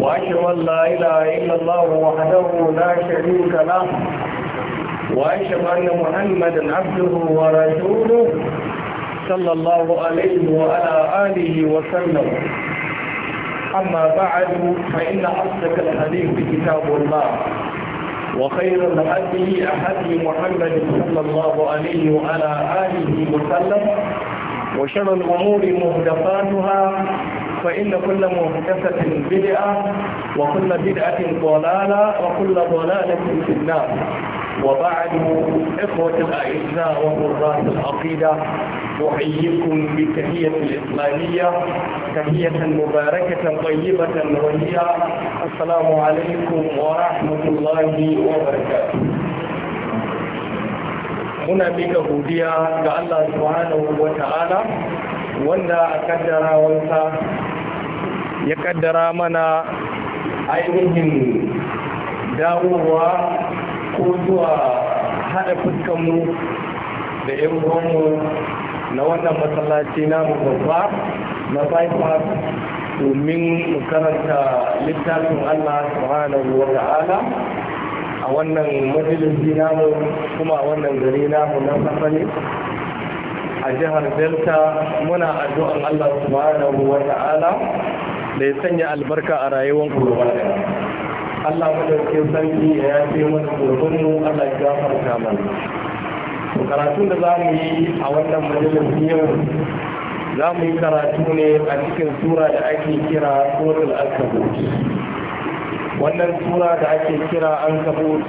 وأشهد أن لا إله إلا الله وحده لا شريك له وأشهد أن محمدا عبده ورسوله صلى الله عليه وعلى آله وسلم أما بعد فإن أصدق الحديث كتاب الله وخير الهدي هدي محمد صلى الله عليه وعلى آله وسلم وشر الأمور مهدفاتها فإن كل مهتفة بدعة وكل بدعة ضلالة وكل ضلالة في النار وبعد إخوة الأعزاء وقراء العقيدة أحييكم بالتحية الإسلامية تحية مباركة طيبة وهي السلام عليكم ورحمة الله وبركاته هنا بك godiya كالله سبحانه وتعالى وانا اكدر wanda ya kaddara mana ainihin dawowa ko zuwa haɗa fuskanmu da yan uwanmu na wannan masallaci na babba na bypass domin karanta littafin Allah subhanahu wa ta'ala a wannan majalisi namu kuma a wannan gari namu na safari a jihar delta muna addu'an Allah subhanahu wa ta'ala da ya sanya albarka a rayuwar ku gaba Allah madaukakin sanki ya yafe mana gurbin mu Allah ya gafarta mana karatun da za mu yi a wannan majalisar yau za mu yi karatu ne a cikin sura da ake kira suratul ankabut wannan sura da ake kira ankabut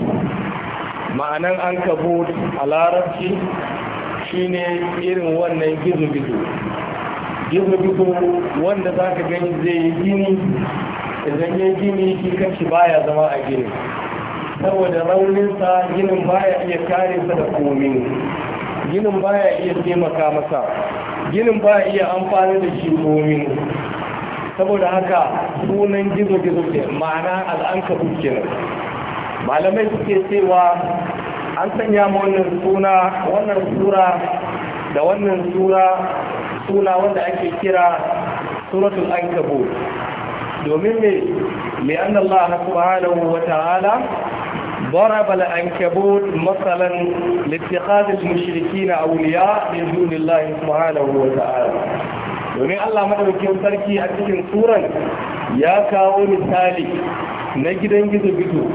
ma'anan ankabut a larabci shine irin wannan gizo-gizo Gizo-gizo wanda za ka gani zai yi gini idan yi gini shi kanshi baya zama a gini saboda rauninsa ginin baya iya kare sa da komi ginin baya iya taimaka masa ginin baya iya amfani da shi komi saboda haka sunan gizo-gizo ke ma'ana al'anka kenan malamai suke cewa an sanya ma wannan suna wannan sura da wannan sura suna wanda ake kira suratul ankabut domin mai, li'anna Allah subhanahu wa ta'ala ضرب الأنكبوت مثلا لاتخاذ المشركين أولياء من دون الله سبحانه وتعالى domin Allah madaukakin sarki a cikin turan, ya kawo misali na gidan gizo-gizo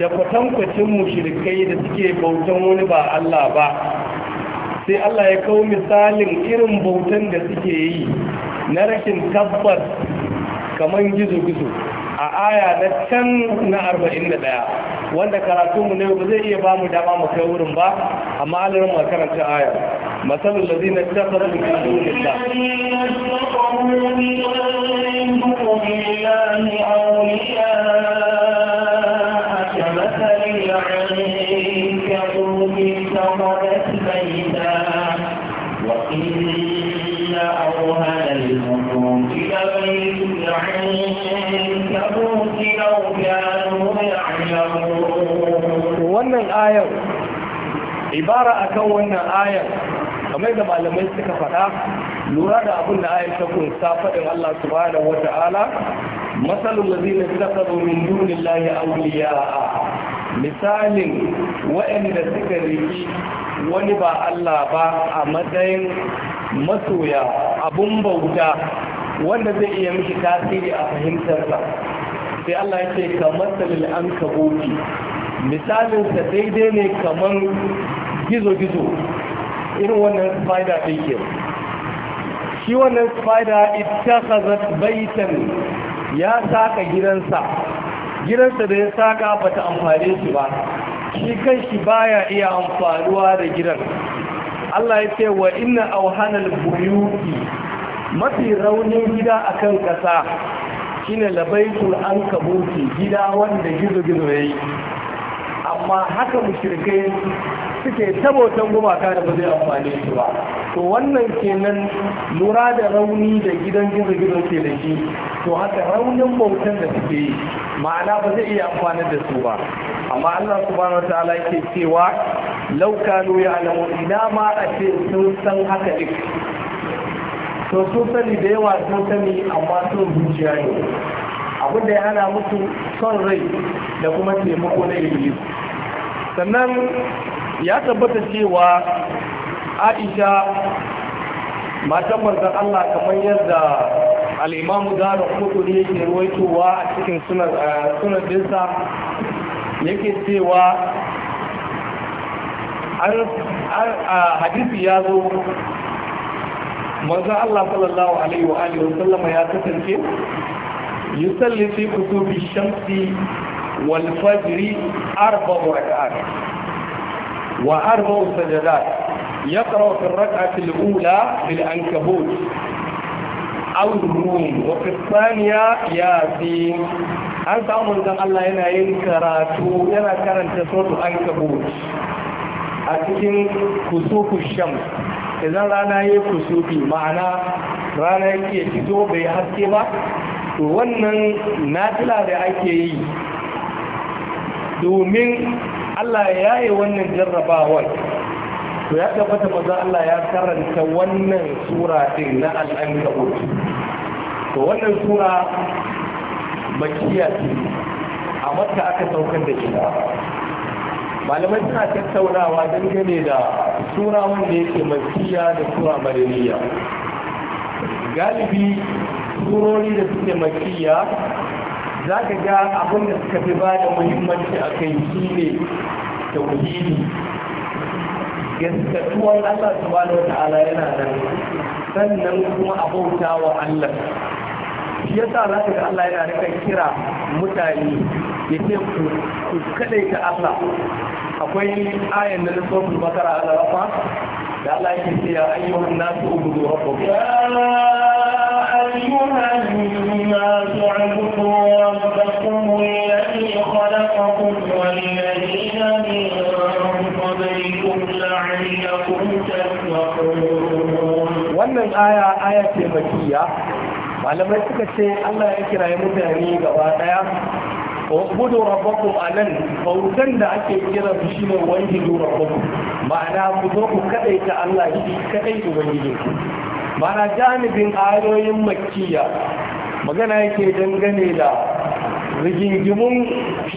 da kwatankwacin mushrikai da suke bautan wani ba Allah ba sai Allah ya kawo misalin irin bautan da suke yi na rashin tabbas kamar gizo-gizo a aya na can na 41 wanda karatunmu ne ba zai iya ba mu dama mu kai wurin ba amma mu karanta aya da lazi na tabbas da gizo ayar ibara akan wannan ayar kamar da malamai suka faɗa lura da abin da ayar ta kunsa faɗin Allah subhanahu wata'ala masalul ladina ittakhadhu min dunillahi awliya'a misalin waɗanda suka riki wani ba Allah ba a matsayin masoya abun bauta wanda zai iya mishi tasiri a fahimtarsa sai Allah ya ce kamar salil an kabuki misalinsa daidai ne kamar gizo-gizo irin wannan spider ɗin ke shi wannan spider ita ta baitan ya saka gidansa gidansa da ya saka bata ta amfane shi ba shi kan shi baya iya amfaniwa da gidan Allah ya ce wa inna auhanal buyuti mafi raunin gida akan ƙasa shine labaitul kabuki gida wanda gizo-gizo ya yi. amma haka mushrikai suke tabotan gumaka da ba zai amfane shi ba to wannan kenan lura da rauni da gidan gizo-gizo ke da shi to haka raunin bautan da suke yi ma'ana ba zai iya amfanar da su ba amma Allah subhanahu wataala yake cewa law kanu ya'lamu ina ma a sun san haka dik to sun sani da yawa sun sani amma sun zuciya ne abin da ya hana musu son rai da kuma taimako na iblis sannan ya tabbata cewa aisha matan manzan Allah kamar yadda al'imamu gara kuduri yake ruwaitowa a cikin sunan dinsa yake cewa hadisi ya zo manzan Allah sallallahu alaihi wa alihi wasallama ya kasance yusalli fi kusurbi shamsi والفجر أربع ركعات وأربع سجدات يقرأ في الركعة الأولى بالأنكبوت أو الروم وفي الثانية ياسين أنت أمر أن الله هنا ينكر ينا كرنت صوت الأنكبوت أكيد كسوف الشمس إذا رانا يكسوف معنا رانا يكسوف بيحكي ما wannan nafila da ake domin Allah ya yi wannan jarrabawar to ya tabbata maza Allah ya karanta wannan sura ɗin na al'ankabut to wannan sura makiya a mata aka saukar da ita malamai suna tattaunawa dangane da tsura wanda yake makiya da sura mariniya galibi surori da suke makiya za ka ga abin da suka fi ba da muhimmanci a kai shi ne tauhidi gaskatuwar Allah subhanahu wata'ala yana nan sannan kuma a bauta wa Allah shi yasa za ka ga Allah yana rika kira mutane ya ce ku kadai ta Allah akwai ayan na lissofin makara Allah da Allah yake ce ya ayyuhan nasu ubudu rabbukum ya ayyuhan nasu ubudu rabbakum khalaqakum min qablikum la'allakum tattaqun wannan aya aya ce makiya malamai suka ce Allah ya kira mutane gaba daya wa'budu rabbakum anan bautan da ake kira su ne wani rabbakum ma'ana ku zo ku ta Allah shi kadai ubangijin ma'ana jami'in ayoyin makkiya magana yake dangane da rigingimun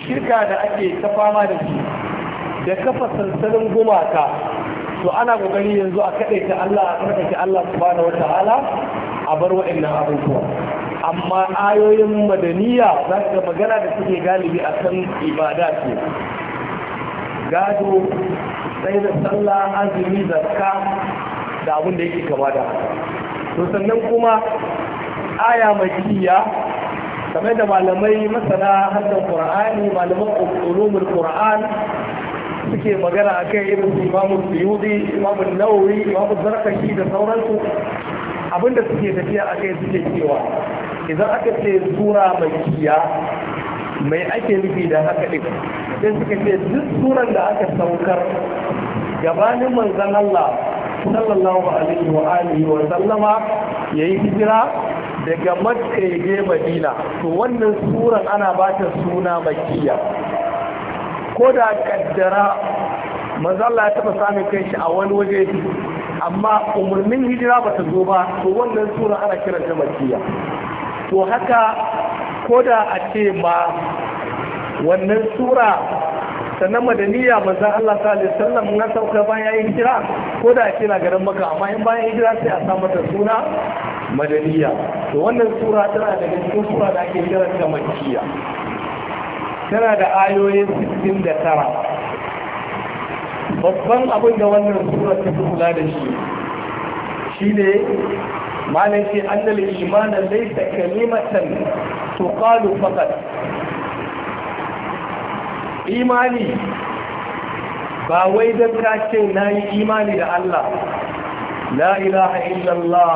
shirka da ake ta fama da shi da kafa sansanin gumaka to ana kokari yanzu a ta Allah a kadaita Allah subhanahu wataala a bar waɗannan abubuwa amma ayoyin madaniya za ga magana da suke galibi a kan ibada ce gado sai da sallah azumi zakka da abin da yake kama da to sannan kuma aya mai kamar da malamai masana hannun qur'ani malaman ulumul qur'an suke magana akan irin su imamu suyudi imamu nawawi imamu zarkashi da sauransu abinda suke tafiya a kai suke cewa idan aka ce sura mai kiya mai ake nufi da haka ne, sai suka ce duk suran da aka saukar gabanin manzan Allah sallallahu alaihi wa alihi wa sallama yayi hijira daga Makka ya Madina to wannan suran ana ba ta suna Makkiya ko da kaddara manzon Allah ya taba samun kanshi a wani waje amma umarnin hijira ba ta zo ba to wannan sura ana kiranta makiya to haka ko da a ce ma wannan sura sannan madaniya manzan Allah sallallahu alaihi wasallam na sauka bayan yayin hijira ko da a ce na garin maka amma in bayan hijira sai a samu ta suna madaniya to wannan sura tana daga cikin sura da ake kiranta makiya tana da ayoyin 69 babban abin da wannan sura ta fi kula da shi shine malam ce annal iman laysa kalimatan tuqalu faqat imani ba wai don ka ce na yi imani da Allah la ilaha illallah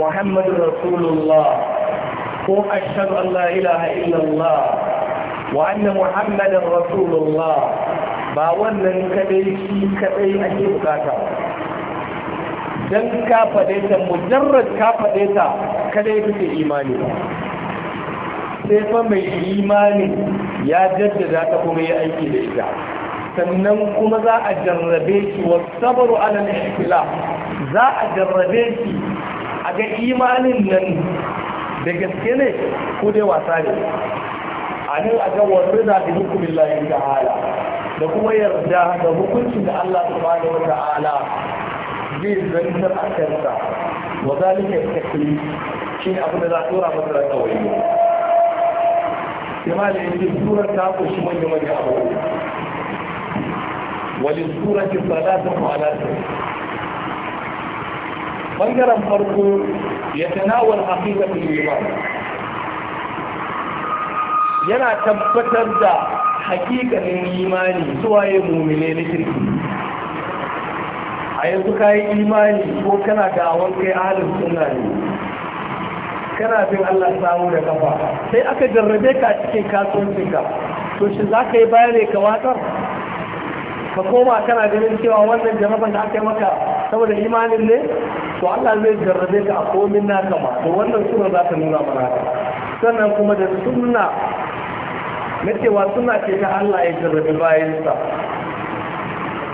muhammadu rasulullah ko ashhadu an la ilaha illallah wa anna muhammadan rasulullah ba wannan kadai shi kadai ake bukata dan ka faɗe ta mujarrad ka faɗe ta kadai kake imani ba sai fa mai imani ya jaddada ta kuma ya aiki da ita sannan kuma za a jarrabe shi wa sabaru ala al-ihtilaf za a jarrabe shi a ga imanin nan da gaske ne ko dai wasa ne a nan a ga wasu da hukumin lahi ta'ala da kuma yarda da hukuncin da Allah subhanahu wa ta'ala zai zantar a kansa wa zalika takli shi ne abin da za a tura masa da kawai kuma da yake surar ta kunshi manya manya abubuwa wajen surar ki salatun ma'anatun bangaren farko ya tanawar haƙiƙatul iman yana tabbatar da hakikanin imani zuwa yin mummune na kirki a yanzu ka yi imani ko kana da awon kai ahalin suna ne kana bin allah samu da kafa sai aka jarrabe ka cikin kasuwancinka to shi za ka yi ne ka watsar ka koma kana ganin cewa wannan jarabar da aka yi maka saboda imanin ne to allah zai jarrabe ka a komin naka ma to wannan suna za ta nuna mana sannan kuma da suna. na wa suna ce ta Allah ya jarrabi bayansa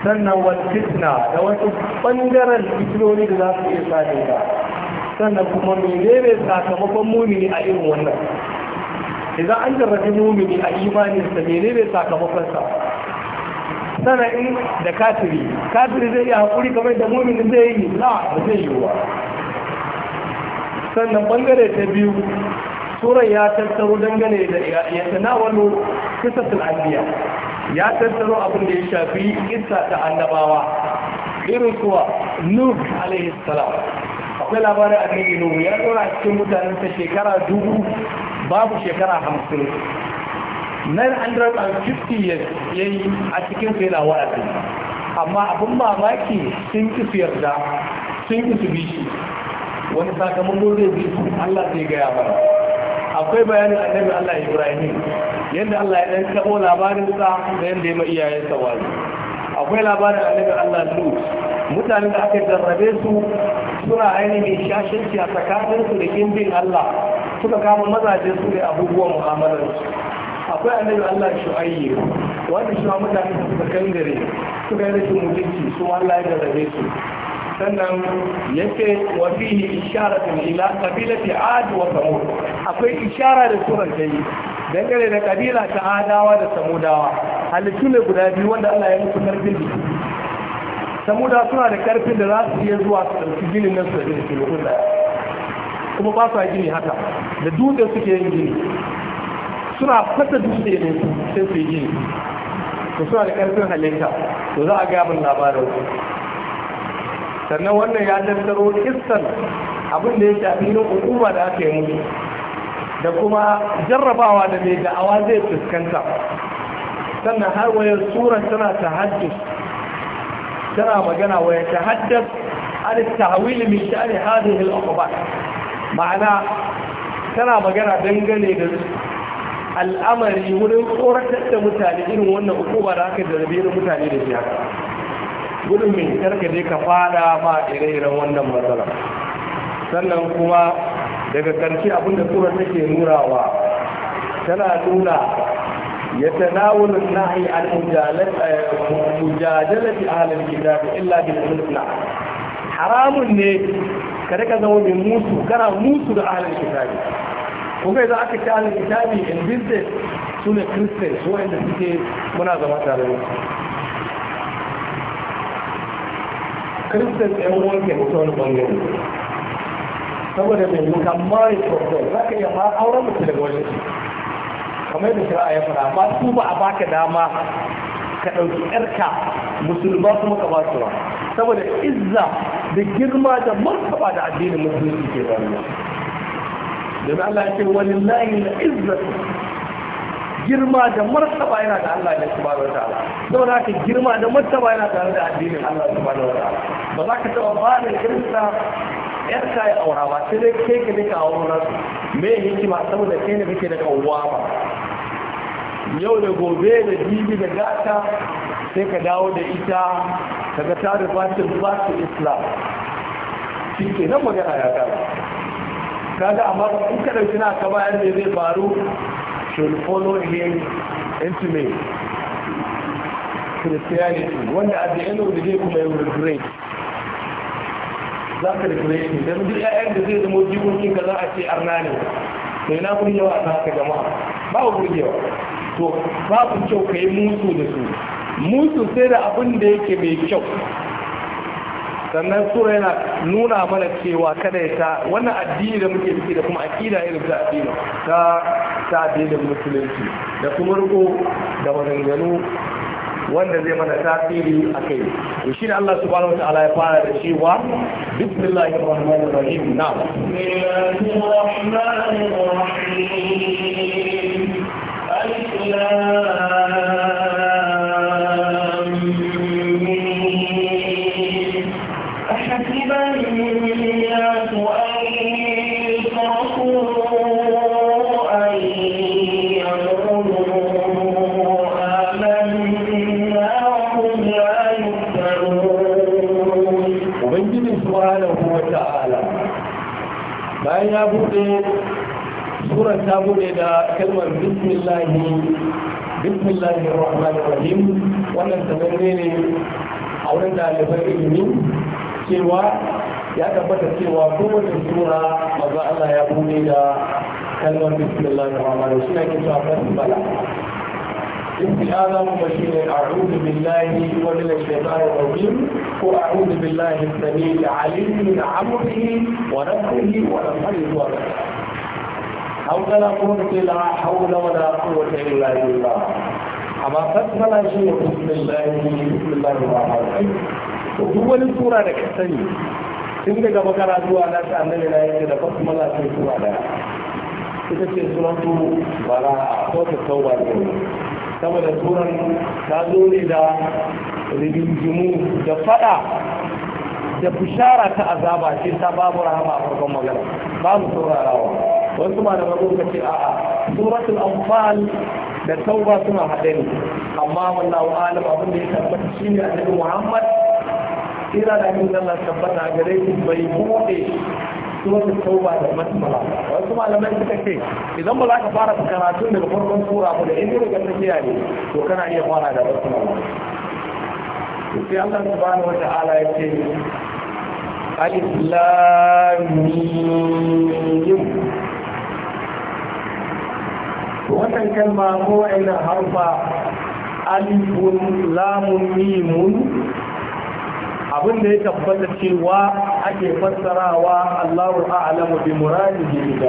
sannan wani fitna da wasu ɓangaren fitinoni da za su iya sani ba sannan kuma menene sakamakon mumini a irin wannan idan an jarrabi mumini a imaninsa menene sakamakonsa sannan in da katiri katiri zai iya haƙuri kamar da mumini zai yi la ba zai yi wa sannan ɓangare ta biyu suran ya tattaro dangane da ya tanawalu kisatul anbiya ya tattaro abin da ya shafi kissa ta annabawa irin kuwa nuh alaihi salam akwai labarin annabi nuhu ya dora cikin mutanen ta shekara dubu babu shekara hamsin 950 years ya yi a cikin sai na wa'azi amma abin mamaki sun ki su yarda sun ki su bishi wani sakamakon zai bi su Allah zai gaya mana akwai bayanin annabi Allah Ibrahim yadda Allah ya dan kabo labarin sa da yadda ya ma iyayensa wani akwai labarin annabi Allah Lut mutanen da aka jarrabe su suna ainihin shashanci a tsakanin su da kimbin Allah suka kama mazaje su da abubuwan mu'amalar su akwai annabi Allah Shu'ayyib wanda shi ma mutane suka kangare suka yi rashin mutunci su Allah ya jarrabe su sannan yake wa fihi isharatun ila qabilati ad wa samud akwai ishara da surar ta yi dangane da kabila ta adawa da samudawa halittu ne guda biyu wanda Allah ya musu karfin jiki samuda suna da karfin da za su iya zuwa su ɗauki ginin nan su da gini kilomita kuma ba su gini haka da dutse suke yin gini suna fata dutse ne sai su yi gini to suna da karfin halitta to za a gabin labarin sannan wannan ya tattaro kistan abin da ya shafi yin hukuma da aka yi musu da kuma jarrabawa da mai da'awa zai fuskanta sannan har wayar surar tana ta tahaddus tana magana waya ta an tahwil min sha'ani hadhihi al-uqubat ma'ana tana magana dangane da al'amari wurin tsoratar da mutane irin wannan hukuma da aka zarbe da mutane da shi haka gudun mai karka je ka fada ma ire-iren wannan matsala sannan kuma daga ƙarshe abinda tura take nurawa tana nuna ya tanawulun nahi an eh, mujajalati ahlul kitab illa bil hulna haramun ne ka zama mai musu kana musu da ahlul kitab kuma idan aka ci ahlul kitab in business sune christians wanda suke muna zama tare da su ɗan wanke mutu wani ɓangare saboda mai you can sosai, za ka iya ma auren mutu daga wajen shi kamar yadda shari'a ya fara ba su ba a baka dama ka ɗauki ƴarka musulma kuma ka ba su ba saboda izza da girma da martaba da addinin musulunci ke ba ne domin Allah ya ce walillahi na izzatu girma da martaba yana da Allah ne subhanahu wataala saboda haka girma da martaba yana tare da addinin Allah subhanahu wataala ba za ka taɓa ba da irinsa yarka ya aura ba sai dai kai ka nika aure na su me hikima saboda ke ne kake da kawuwa ba yau da gobe da jibi da gata sai ka dawo da ita ga ta da bacin bacin islam shi ke nan magana ya ka ga amma in ka dauki na ka bayan da zai faru should follow him into me christianity wanda a the end of the day kuma ya regret za ka da kure shi don duk ƴaƴan da zai zama jikokin ka za a ce arna ne to ina burgewa a haka jama'a babu burgewa to babu kyau ka yi musu da su musu sai da abin da yake mai kyau sannan sura yana nuna mana cewa kada ya ta wannan addini da muke ciki da kuma aqida irin ta addini ta ta addinin musulunci da kuma riko da maganganu wanda zai mana tasiri a kai to shi ne Allah subhanahu wa ta'ala ya fara da cewa bismillahir rahmanir rahim na bismillahir rahmanir rahim alif lam ta bude da kalmar bismillahi bismillahi rahman rahim wannan sanarwe ne a wurin ɗaliban ilimi cewa ya tabbata cewa kowace sura maza Allah ya bude da kalmar bismillahi rahman rahim suna ke cewa basmala استعاذة مبشرة أعوذ بالله ومن الشيطان الرجيم وأعوذ da السميع العليم من عمره ونفسه ونفسه ونفسه na kuma da ke la haula wa la quwwata illa billah amma fassara shi ne bismillahi bismillahi rahmanir rahim to duk wani sura da ka sani tun daga bakara zuwa na ta annabi na yake da basmala sai sura da ita ce suratu bara'a ko ta tauba ne saboda suran ta zo ne da rigingimu da fada da bishara ta azaba ce ta babu rahama a farkon magana babu saurarawa wasu malamai suka ce a'a suratul anfal da tauba suna haɗe ne amma wallahu alam abin da ya tabbata shine annabi Muhammad ila da abin Allah tabbata gare shi bai bude suratul tauba da masmala wasu malamai suka ce idan ba za ka fara karatun daga farkon sura ba da idan ka tafiya ne to kana iya fara da basmala sai Allah subhanahu wata'ala ya ce alif lam mim wannan kalma ko wa'annan harfa alifun lamun mimun abin da ya tabbata cewa ake fassarawa Allahu a'lamu bi muradihi bi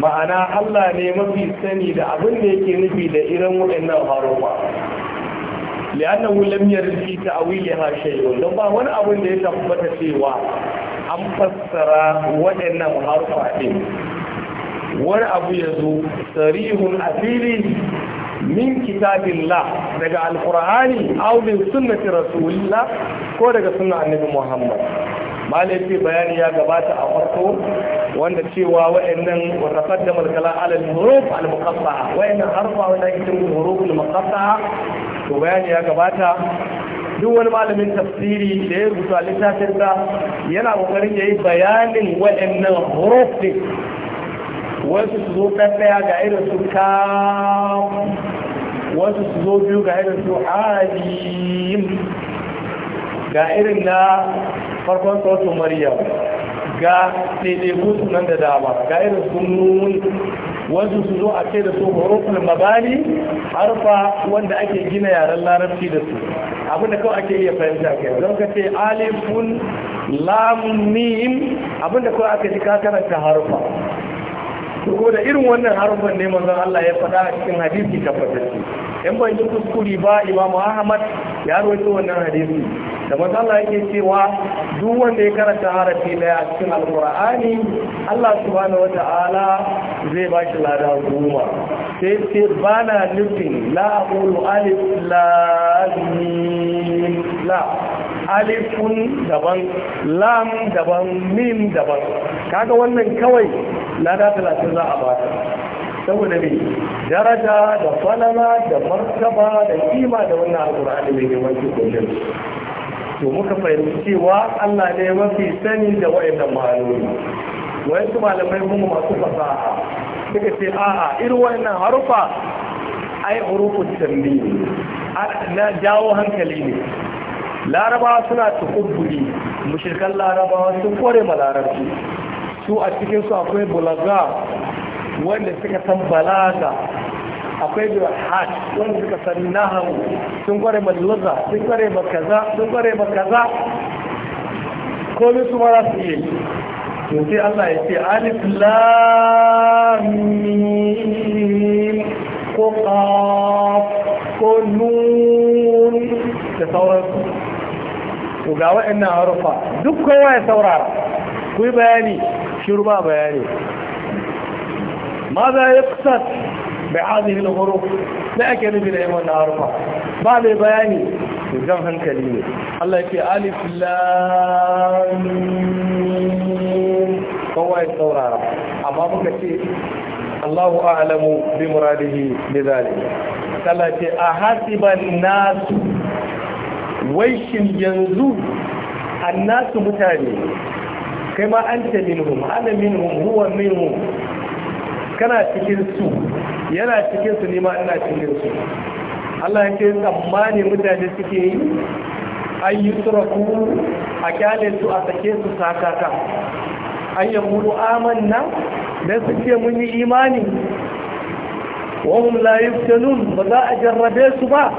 ma'ana Allah ne mafi sani da abin da yake nufi da irin wa'annan harfa li'annahu lam yarfi ta'wiliha shay'un dan ba wani abin da ya tabbata cewa an fassara waɗannan harufa din wani abu ya zo sarihun asiri min kitabillah daga alkur'ani aw min sunnati rasulillah ko daga sunna annabi muhammad malai ce bayani ya gabata a farko wanda cewa wa'annan wa taqaddama al-kalam ala al-huruf al-muqatta'a wa'annan harfa wanda ake cewa huruf al-muqatta'a to bayani ya gabata duk wani malamin tafsiri da ya rubuta littafin sa yana kokarin yayi bayanin wa'annan huruf din wasu su zo ɗaya ga irin su kawo wasu su zo biyu ga irin su alim ga irin na farkon sautin maryam ga ɗaiɗaiku nan da dama ga irin su nun wasu su zo a ce da su horofin mabani harfa wanda ake gina yaren larabci da su abinda kawai ake iya fahimta kai don ka ce alifun lamun mim abinda kawai aka ji ka karanta harfa ko da irin wannan harufan ne manzon Allah ya faɗa a cikin hadisi tabbatacce in ban yi kuskuri ba Imam Ahmad ya rawaito wannan hadisi da manzon Allah yake cewa duk wanda ya karanta harafi daya a cikin alkur'ani Allah subhanahu wata'ala zai ba shi lada goma sai ce ba na nufin la aqulu alif lam la alifun daban lam daban mim daban kaga wannan kawai lada talatin za a bata saboda ne daraja da falala da martaba da kima da wannan alkur'ani mai girman cikin to muka fahimci cewa allah ne mafi sani da wa'annan Wai wayansu malamai mun masu fasaha suka ce a'a irin wannan harufa ai hurufun tambi na jawo hankali ne larabawa suna tukubbuli mushirkan larabawa sun kore ma larabci su a cikinsu akwai bulaga wanda suka san balaga akwai da hajj wanda suka san nahawu sun kware ba lura sun kware ba kaza sun kware ba kaza komai su mara za su yi to sai Allah ya ce alif lamim ko qaf ko nun da sauransu وقالوا إنها عرفة دكوا وهي سورارة كوي بياني شو شربا بياني ماذا يقصد بهذه الغروف لأكل بالعيم انها عرفة بعد بياني جمها كلمة الله يكي آلف لامين وهي سورارة أمامك شيء الله أعلم بمراده لذلك قال لك أحسب الناس wai shin yanzu annasu mutane kai ma an ta minhum ana minhum huwa minhum kana cikin su yana cikin su ne ma ina cikin su Allah ya ce tsammani mutane suke yi an yi turaku a kyale su a sake su sakaka an yi mulu amanna dan su ce mun yi imani wa hum la yaftanun ba za a jarrabe su ba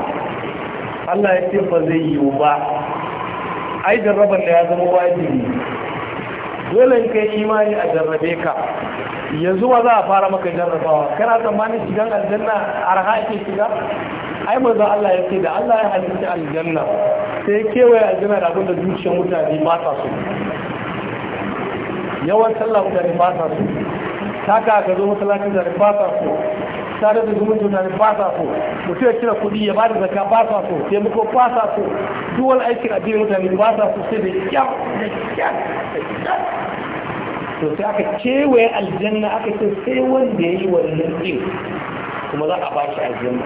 Allah ya ce ba zai yiwu ba ai jarrabar da ya zama wajibi dole in kai imani a jarrabe ka yanzu ma za a fara maka jarrabawa kana tsammanin shigan aljanna arha ake shiga ai manzo Allah ya ce da Allah ya halitta aljanna sai kewaye aljanna da abinda zuciyar mutane ba ta so yawan sallah mutane ba ta so taka ka zo masallacin da ba ta so tare da zumun juna ne ba sa so mutum ya kira kuɗi ya bada zaka ba sa so taimako ba sa so duk wani aikin addinin mutane ba sa so sai da kyar da kyar da kyar to sai aka kewaye aljanna aka ce sai wanda ya yi wannan din kuma za a ba shi aljanna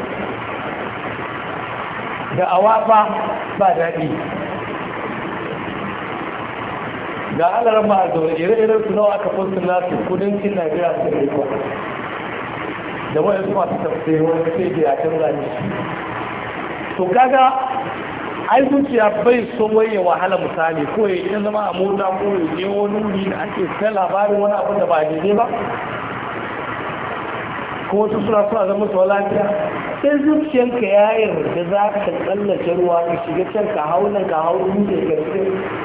da awa ba ba daɗi ga alarar ma a zaune ire-iren su nawa aka furta nasu kudancin najeriya su ne da wani su masu tafiye wani sai da ya canza ne to kaga ai zuciya bai so waye wahala misali ko ya yi zama a mota ko ya je wani wuri da ake ta labarin wani abu da ba a daidai ba ko wasu suna suna zama su lafiya sai ka ya yarda za ka tsallake ruwa ka shiga can ka hau nan ka hau dutse ka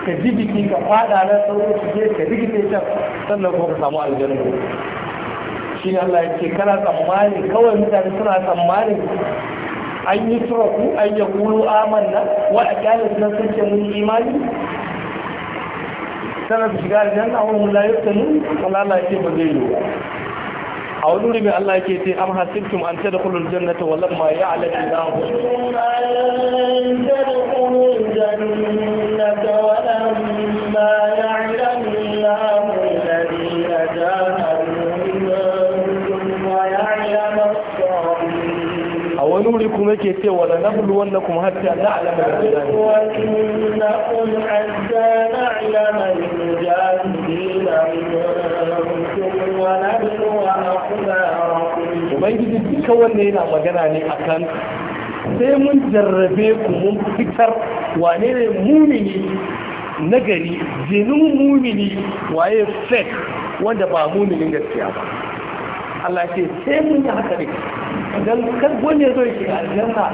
ka ji biki ka fada na sauro su ka rikide can sannan kuma ka samu aljanna shi ne Allah ya ce kana tsammani kawai mutane suna tsammani an yi turaku an yi kulu amanna wa a kyalin suna sun ce mun imani sanar da shiga aljan a wani mulayar tanu wani Allah ya ce ba zai yi a wani wuri Allah ya ce sai am hasibtum an ta da kulun jannata wallan ma ya alaƙi na hu ولما يعلم نوركم kuma ولا نبلونكم حتى نعلم وإنكم حتى نعلم na alama da أخباركم Ubangiji duka wanda yana magana ne a akan sai mun jarrabe ku mun fitar wane ne mumini nagari jinin mumini waye fake wanda ba muminin gaskiya ba Allah ce sai mun yi haka ne idan kar wani ya zo ya shiga aljanna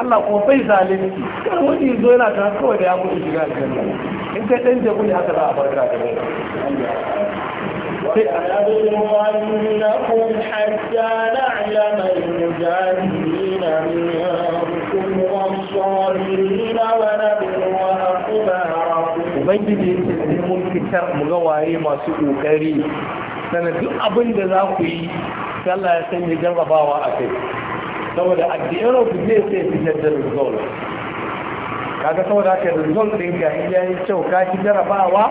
Allah kuma bai zalunci kar wani zo yana ta kawai da ya mutu shiga aljanna in kai dan jabu ne haka za a barka da kai Ubangiji ya ce mun fitar mu ga waye masu ƙoƙari sana duk abin da za ku yi sallah ya sanya jarrabawa a kai saboda at the end of the day sai fitar da result kaga saboda haka result din ga in yi kyau ka ci jarrabawa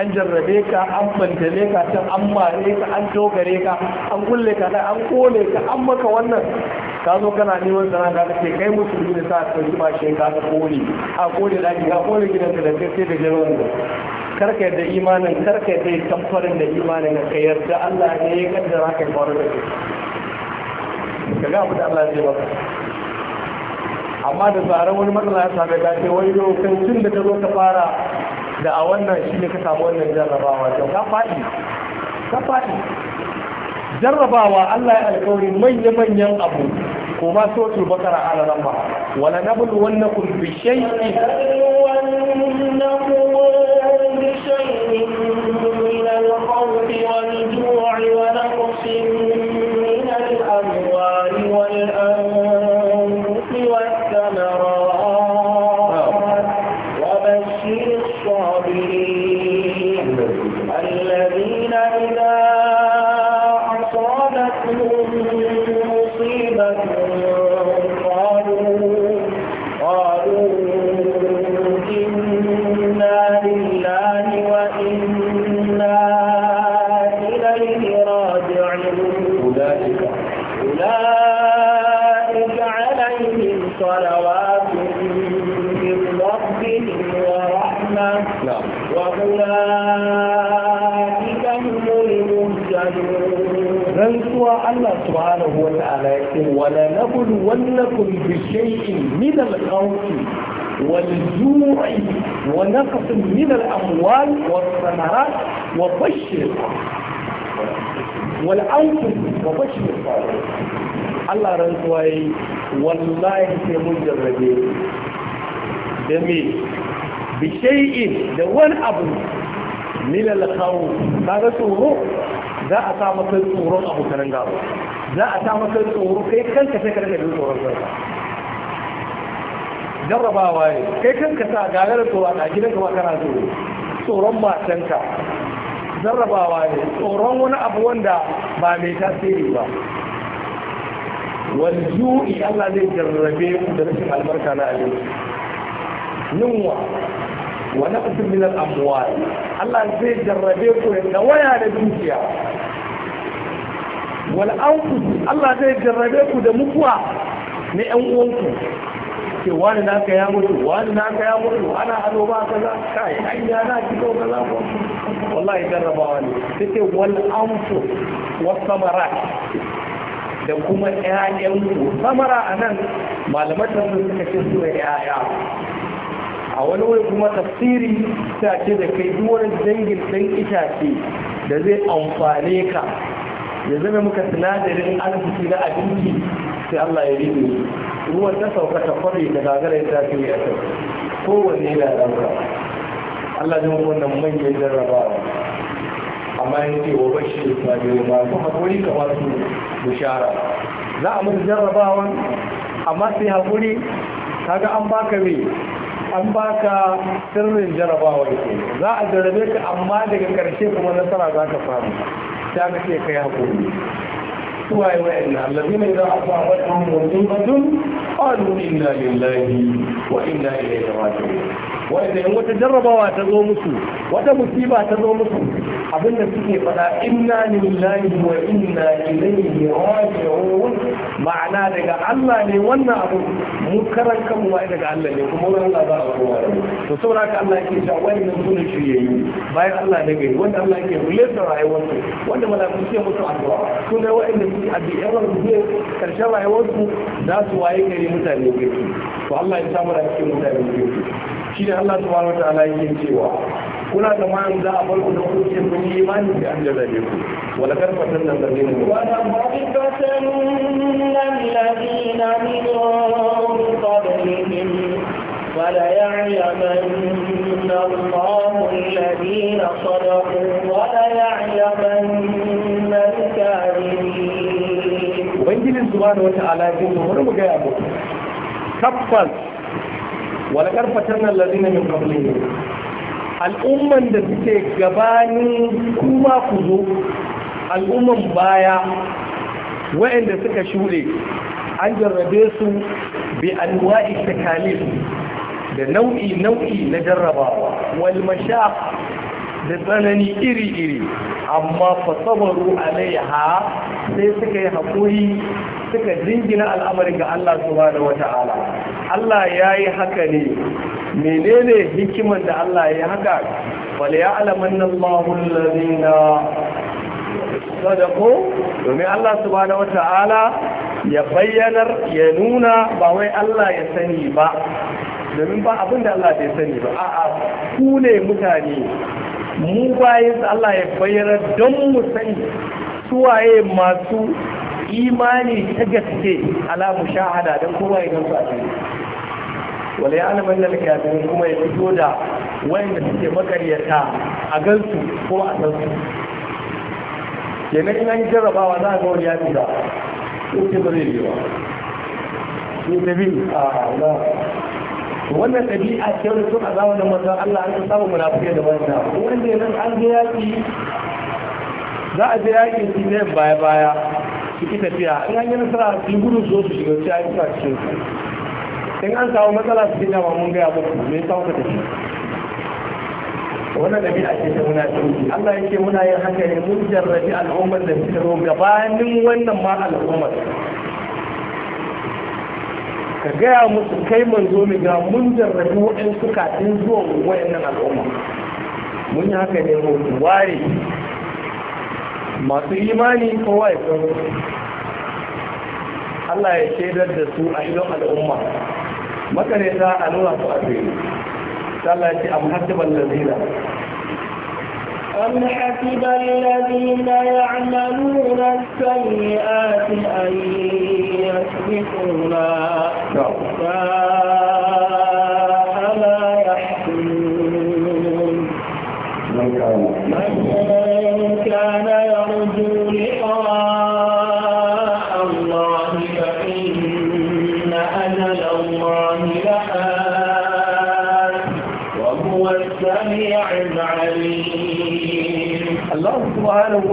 an jarrabe ka an bantale ka can an mare ka an dogare ka an kulle ka an kone ka an maka wannan ka zo kana neman sana da kake kai musulmi da sa ka ba shi ka kone a kone da ka kone gidan ka da kai sai da jarrabawa karka da imanin karka da tamfarin da imanin ka yarda Allah ne ya kaddara ka faru da shi ka ga abu da Allah zai maka amma da tsaron wani matsala ya same ka ce wani lokacin da ka zo ka fara da a wannan shi ne ka samu wannan jarrabawa to ka faɗi ka faɗi jarrabawa Allah ya alƙawari manya-manyan abu kuma sotul bakara ala lamba wala nabul wanna kun bi shay'in wanna kun bi shay'in شيء من الخوف والجوع ونقص من الأموال والثمرات وبشر والأنفس وبشر الصالحين الله رنسوي والله في مجرد جميل بشيء دون أبو من الخوف هذا سوره za a sa maka tsoron abokanan gaba za a sa maka tsoro kai kanka sai ka rage tsoron kanka jarrabawa ne kai kanka sa da tsoron a gidan ka kana so. tsoron matanka jarrabawa ne tsoron wani abu wanda ba mai tasiri ba ju'i Allah zai jarrabe ku da rashin albarka na abinci yunwa wa naqsin min al-amwal Allah zai jarrabe ku da waya da dukiya wal anfus Allah zai jarrabe ku da mutuwa na 'yan uwanku ce wani naka ya mutu wani naka ya mutu ana ado ba kaza kai an ya na fito kaza ko wallahi jarrabawa ne ce wani amfu wasu samara da kuma ƴaƴan ku samara a anan malaman tafsir suka ce su ƴaƴa a wani wani kuma tafsiri ta ce da kai duk wani dangin dan itace da zai amfane ka ya zama muka sinadarin arziki na abinci sai Allah ya rike ruwan ta sauka ta kwari da gagara ya tafi a ta kowanne yana ranka Allah ya muku wannan manyan jarrabawa amma ya ce wa bashi da da ba su haƙuri kamar su bishara za a mutu jarrabawan amma sai haƙuri kaga an baka mai an baka sirrin jarabawar ke za a jarabe ka amma daga ƙarshe kuma nasara za ka samu ta ka ce kai hakuri wa سواء وإن الذين إذا أصابتهم مصيبة قالوا إنا لله وإنا إليه راجعون wanda in wata jarrabawa ta zo musu wata musiba ta zo musu abinda suke fada inna lillahi wa inna ilaihi raji'un ma'ana daga Allah ne wannan abu mu karan kanmu wai daga Allah ne kuma wurin Allah za a kowa to saboda haka Allah yake cewa wani nan sunan shiryayyu bayan Allah ne gari wanda Allah yake rulesa rayuwarsu wanda malaku suke musu addu'a su ne wa'anda a bi'yawar zuwa karshen rayuwarsu za su waye gari mutane gari to Allah ya samu da cikin mutane gari shi ne Allah subhanahu wa ta'ala yake cewa kuna tsammanin za a farko da kuke kun yi imani da an jarrabe ku wala nan da zargin ku ba da subhanahu wa ya jinsu mu gaya mu tabbas wala karfatar nan lazina min qablihim al'umman da suke gabanin kuma ku zo al'umman baya wa'anda suka shuɗe an jarrabe su bi anwa'i takalif da nau'i nau'i na jarrabawa wal mashaq da tsanani iri iri amma fasabaru alaiha sai suka yi haƙuri suka jingina al'amarin ga Allah subhanahu wata'ala Allah ya yi haka ne menene hikimar da Allah ya haka ya wal ya'lamanna Allahu allazina sadako domin Allah subhanahu wata'ala ya bayyanar ya nuna ba wai Allah ya sani ba domin ba abin da Allah ya sani ba a'a kune kune mutane mu bayan Allah ya bayyana don mu sani suwaye masu imani ta gaske ala mushahada don kowa ya gansu a cikin wale ya alaman da kafirin kuma ya fito da wayanda suke makaryata a gansu ko a sansu? su kenan in an jarrabawa za a ga wani ya fita ko ce ba zai yi ba ni tabi a ah, na wannan ɗabi'a ce wani tun a zamanin manzon Allah an samu munafiki da wanda wanda nan an ga yaki za a ga yakin shi ne baya baya su tafiya in an yi nasara su gudu su su shiga sai ayyuka cikin su in an samu matsala su cikin ma mun gaya muku me yasa kuka tafi wannan da a ce ta muna tauki Allah yake muna yin haka ne mun jarrabi al'ummar da suka zo gabanin wannan ma al'ummar ka gaya musu kai manzo mu ga mun jarrabi waɗansu kafin zuwa wayannan al'umma mun yi haka ne mu ware masu imani kowa ya san Allah ya shaidar da su a idon al'umma makare a nuna su a fili Allah ya ce am hasiban lazina أم حسب الذين يعملون السيئات أن يسبقونا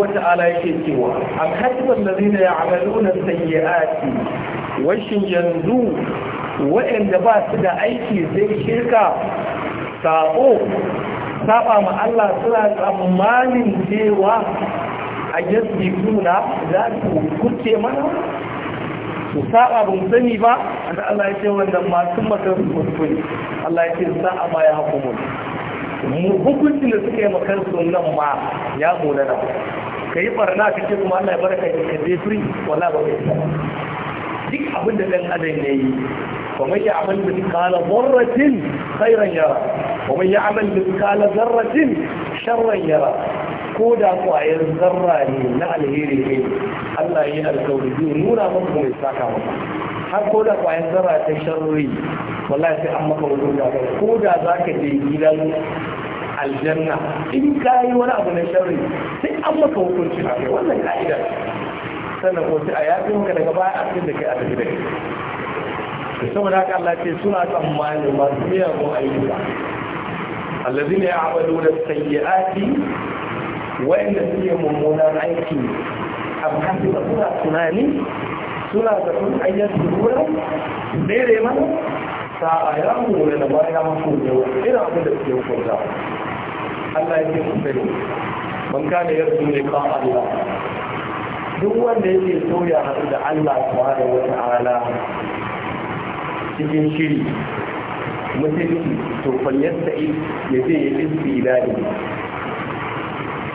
wa ta'ala yake cewa a kasar da zai da ya amaluna sayyati washin yanzu waɗanda ba su da aiki sai shirka sabo saba ma Allah suna tsammanin cewa a yasbi kuna za su kuce mana su saba bin sani ba da Allah ya ce wanda masu makar kuskure Allah ya ce sa'a a ya hukumun mu hukuncin da suka yi makar sunan ma ya mulana ka yi barna ka ce kuma Allah ya baraka ka je free wallahi ba kai duk abin da dan adam ya yi wa man ya'mal kala dharratin khairan yara wa man ya'mal mithqala dharratin sharran yara ko da kwayar zarra ne na alheri ne Allah ya yi alkawari zai nuna maka mai saka maka har ko da kwayar zarra ta sharri wallahi sai an maka rubuta ko da zaka je gidan aljanna in ka yi wani abu na sharri sai an maka hukunci a kai wannan ka'ida sannan ko sai a yafi maka daga baya a cikin da kai a tafi da kai da haka Allah ce suna tsammanin masu miyagun ayyuka ya allazina da sayyi'ati wa'inda suke mummunan aiki abu kafin da suna tunani suna da sun ayyar dubura dare mana sa'a ya mu da bayan ya mafi yau irin abin da suke hukunta Allah yake su mun man kana ne liqa Allah duk wanda yake so ya da Allah subhanahu wa ta'ala cikin shiri mutunci to falyasta ya je ya ilahi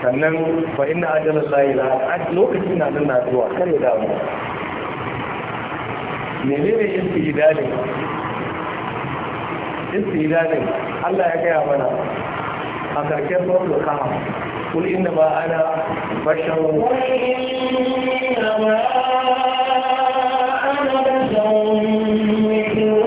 sannan fa inna ajala la ilaha lokacin na nan na zuwa kare da mu menene istidalin istidalin Allah ya gaya mana a karshen suratul kahf قل إنما أنا بشر قل إنما أنا بشر مثل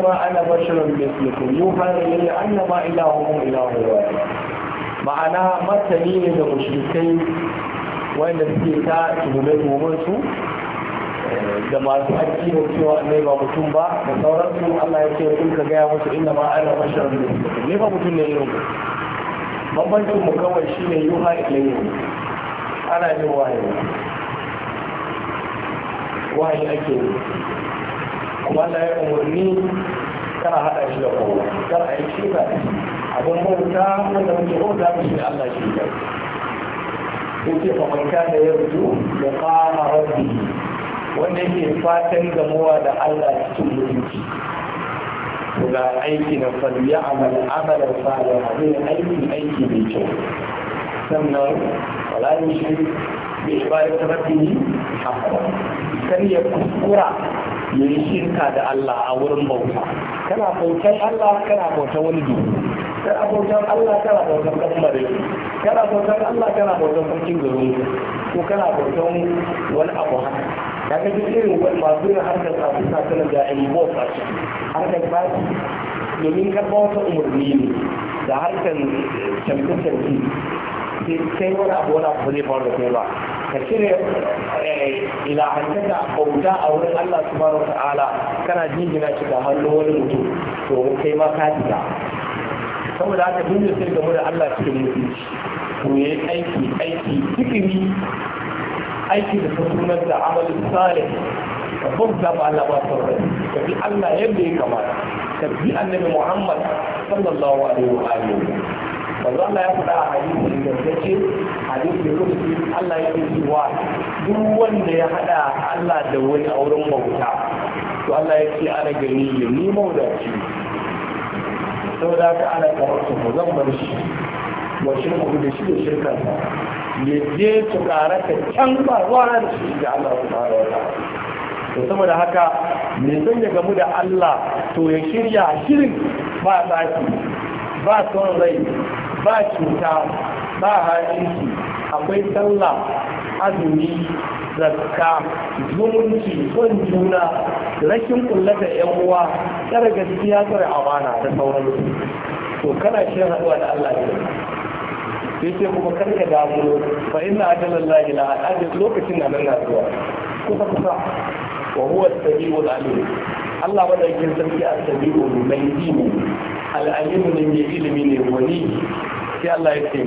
إنما أنا بشر مثلكم يوحى إلي أنما إلهكم إله واحد ma'ana martani ne da mushrikai wanda suke ta tuhume-tuhumen su da masu addinin cewa ne ba mutum ba da sauransu Allah ya ce kun ka gaya musu inna ma ana bashar ne ne ba mutum ne irin bambancin mu kawai shine yuha yi. ana yin wahayi wahayi ake yi wanda ya umarni kana haɗa shi da kowa kar a yi shirka abin bauta wanda muke bauta mu shi Allah shi da ce yake faman kana yarju muqama rabbi wanda yake fatan gamuwa da Allah cikin mutunci to ga aiki na faliya amal amalan salih zai aiki aiki mai kyau sannan wala yushrik bi ibadati rabbihi ahada kan ya kuskura ya yi shirka da Allah a wurin bauta kana bautan Allah kana bautan wani dubu kana bautan Allah kana bautan kasmare kana bautan Allah kana bautan sarkin garin ko kana bautan wani abu haka Ya kaga duk irin masu yin harkar tsafi sa sanar da 'yan a ciki harkar tsafi domin karɓa wata umarni ne da harkar canfi-canfi ce kai wani abu wani abu zai faru da kai ba ka cire eh, ilahantaka bauta a wurin Allah subhanahu ta'ala kana jingina shi da hannun wani mutum to kai ma ka shiga saboda haka duk da sai game da Allah cikin mutunci to yayi aiki aiki tikiri aiki da sunan da amalin salih ka bauta ba Allah ba sauran ka bi Allah yadda ya kamata ka bi annabi Muhammad sallallahu alaihi wa alihi Wanzu Allah ya faɗa a hadisi da gaske hadisi da rufi Allah ya yi cewa duk wanda ya haɗa Allah da wani wurin bauta to Allah ya ce ana gani ya ni maudaci saboda haka ana karatu mu zan bar shi wa mu da shi da shirkan sa ya je su karaka can ba ruwa da shi da Allah subhanahu wa wata. to saboda haka mai san ya gamu da Allah to ya shirya shirin ba tsaki ba son rai ba cuta ba hajji akwai sallah azumi zakka zumunci son juna rashin da yan uwa tsara gaskiya tsara amana da sauran su to kana shi haɗuwa da Allah ne sai ce kuma karka damu fa inna ajalan la ilaha lokacin nan na zuwa kusa kusa wa huwa as alim Allah madaukin sarki a sabi'u mai ilimi al'alimu ne mai ilimi ne wani sai Allah ya ce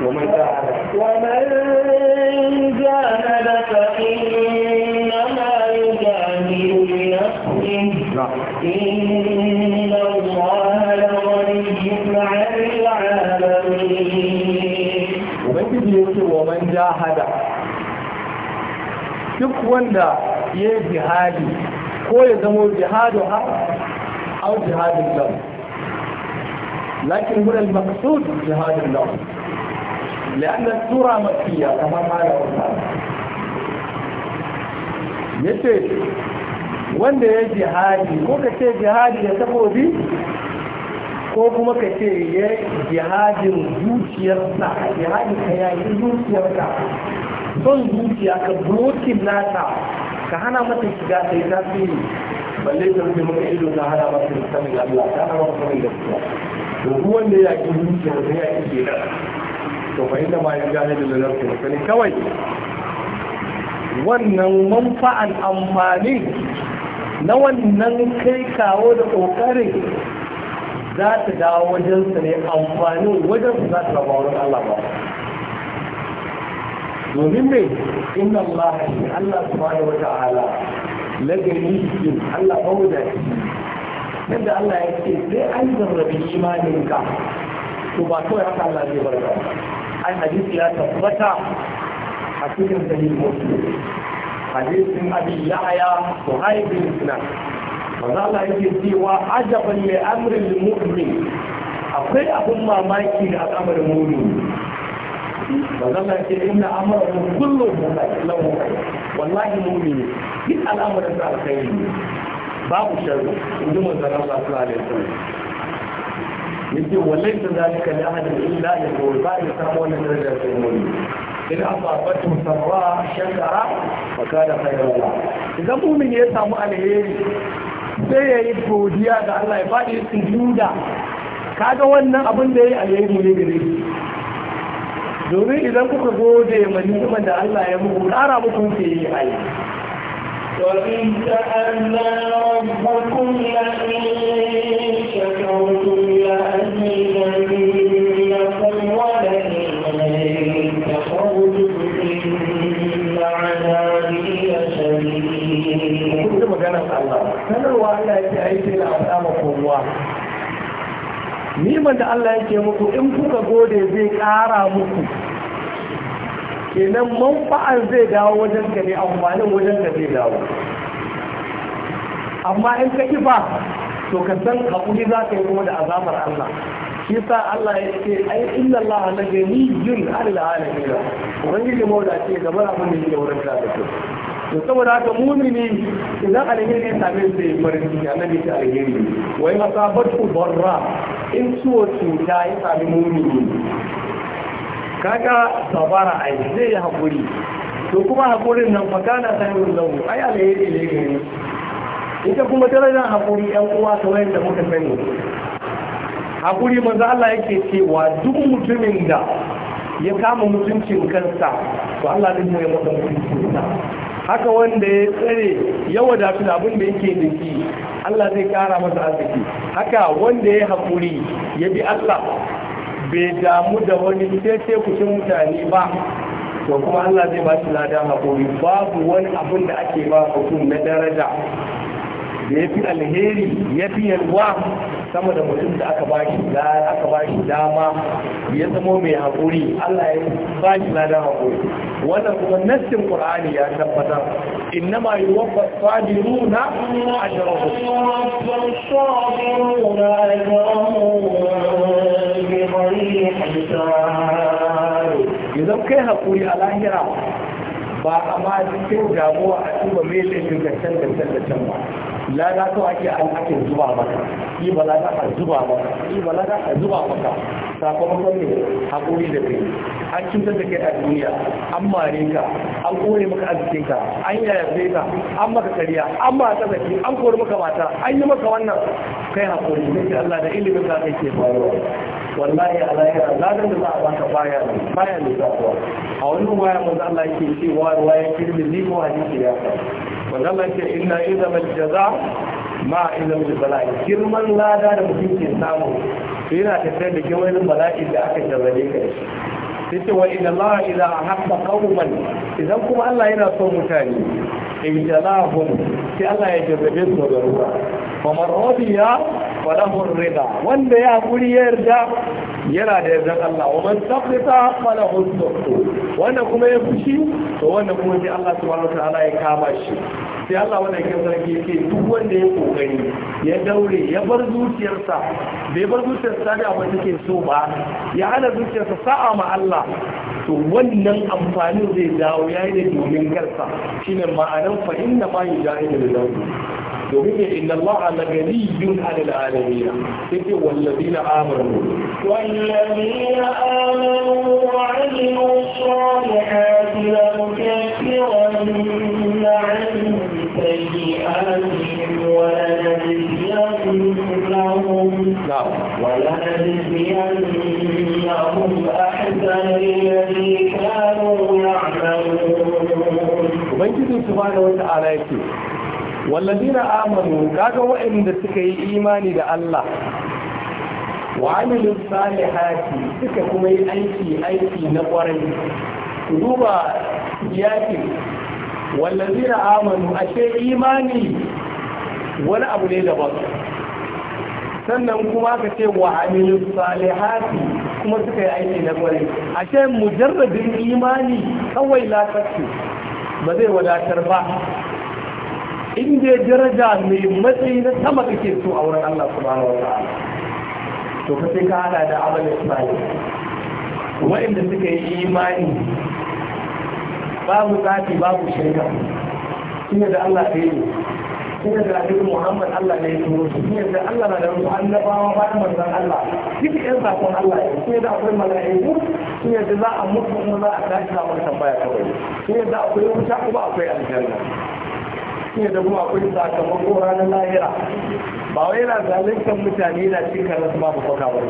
ومن جاهد ومن جاهد فإنما يجاهد لنفسه إن الله لغني duk wanda ya jihadi ko ya zamo jihadu ha au jihadin lau lakin hudan maksud jihadin lau لأن السورة مكية كما قال Ya ce wanda ya jihadi ko ka ce jihadi ya da bi? ko kuma ka ce ya jihadin zuciyarsa jihadi ka yayin zuciyarsa son zuciya ka blokin nata ka hana mata shiga ta yi tasiri balle ta rufe maka ido ta hana mata sanin Allah ta hana mata sanin gaskiya to duk wanda ya ki zuciya da ya ki kenan. to fa inda ma ya gane da lafiya ka ne kawai wannan manfa'an amfani na wannan kai kawo da kokarin za ta dawo wajensa ne amfanin wajensa za ta dawo wurin Allah ba domin mai inna Allah shi Allah subhanahu wa ta'ala lagari shi Allah bauda shi yadda Allah ya ce sai an zarrabi imanin ka to ba kawai haka Allah zai bar ka ai hadisi ya tabbata a cikin sahih muslim hadisin abi yahya suhaib bin sinan manzo Allah yake cewa ajaban li amrin mu'min akwai abun mamaki da al'amarin mu'min Ba manzon Allah ce inna amrahu kulluhu lahu wallahi mu'mini duk al'amuran sa alkhairi ne babu sharri inji manzon Allah sallallahu alaihi wasallam yake wallahi da zalika li ahadin illa yaqul ba ya samu wannan darajar sai mu'mini in asabatu sarra shakara fa kana khayran lahu idan mu'mini ya samu alheri sai ya yi godiya ga Allah ya faɗi sun duda kaga wannan abin da ya yi alheri ne gare shi domin idan kuka gode ma ni'imar da Allah ya muku ƙara muku ke yi a yi وإن ربكم لئن شكرتم لأزيدنكم ولئن كفرتم إن عذابي لشديد. كنت مجانا الله. الله الله. niman da Allah yake muku in kuka gode zai ƙara muku kenan manfa'ar zai dawo wajen ka ne amfanin wajen ka zai dawo amma in ka kifa to ka san haƙuri za ka yi kuma da azamar Allah shi sa Allah ya ce ai inna Allah la ganiyun 'anil alamin ubangiji mawda ce gaban abin da wurin da to to saboda haka mumini idan alheri ya same su sai farin ciki annabi ta alheri wai asabatu barra in ciwo cuta ya sami mumini kaga sabara yi zai yi haƙuri to kuma haƙurin nan fakana ta yi A ai yi ne gare ita kuma darajar haƙuri ɗan uwa wayan da muka sani haƙuri manzo Allah yake cewa duk mutumin da ya kama mutuncin kansa to Allah ne mai mutum mutuncin haka wanda ya tsare ya da da abin da yake nufi Allah zai kara masa arziki haka wanda ya haƙuri ya bi Allah bai damu da wani sai kucin mutane ba to kuma Allah zai ba shi lada haƙuri babu wani abin da ake ba mutum na daraja da ya fi alheri ya fi yalwa sama da mutum da aka ba shi dama ya zama mai haƙuri Allah ya ba shi lada haƙuri wannan kuma nassin Qur'ani ya tabbata innama yuwaffa wa sabiruna ajrahum بغير حساب إذا كان أقول على ba a ma cikin damuwa a tuba mai laifin da can da can da can ba lada kawai ake an ake zuba maka yi ba lada a zuba maka yi ba lada a zuba maka sakamakon ne haƙuri da kai an cutar da kai a duniya an mare ka an kore maka arzikinka an yayafe ka an maka kariya an ma ta zaki an kore maka mata an yi maka wannan kai haƙuri ne ke Allah da ilimin ka kai ke bayarwa wallahi a lahira ladan da za a baka baya ne baya ne a wani waya manzo Allah yake cewa ruwaya kirmi ko hadisi ya wanda Allah ce inna idza mal jaza ma idza mal bala'i girman lada da mutum ke samu yana tafiya da girman bala'i da aka jarrabe ka da shi yace wa inna allaha idza ahabba qauman idan kuma Allah yana son mutane ibtalahum sai Allah ya jarrabe su da ruwa fa man radiya fa lahu rida wanda ya guri ya yarda yana da yardan Allah wa man sakhata fa lahu wanda kuma ya fushi to wanda kuma sai Allah subhanahu wa ta'ala ya kama shi sai Allah wannan kin sarki yake duk wanda ya kokari ya daure ya bar zuciyarsa bai bar zuciyarsa da abin take so ba ya hana zuciyarsa sa'a ma Allah to wannan amfanin zai dawo yayi da domin garsa shine ma'anar fa inna ma yujahidu lillahi domin ya inna Allah la ganiyun 'alal alamin yake wallazina amanu wallazina amanu wa 'amilu الصالحات لنكفرن عنهم wata wallazi na amaru kaga waɗanda suka yi imani da Allah wa'amilu salihati suka kuma yi aiki aiki na kwarai duba yake wallazi na amanu ashe imani wani abu ne daban sannan kuma ka ce wa amilu salihati kuma suka yi aiki na kwarai ashe mujarrabin imani kawai lakarci ba zai wadatar ba in daraja mai matsayi na sama kake so a wurin Allah subhanahu wa ta'ala to ka sai ka hada da amalin salih suka yi imani babu zafi babu shirka shine da Allah ta yi shine da Annabi Muhammad Allah ne ya turo shi shine da Allah na da rusu ba bayan manzon Allah duk ɗan sakon Allah ne shine da akwai mala'iku shine da za a mutu kuma za a tashi za mu tambaya kawai shine da akwai wuta kuma akwai aljanna shine da kuma akwai sakamako ranar lahira ba wai yana zaluntar mutane na cin karansu babu kwata ba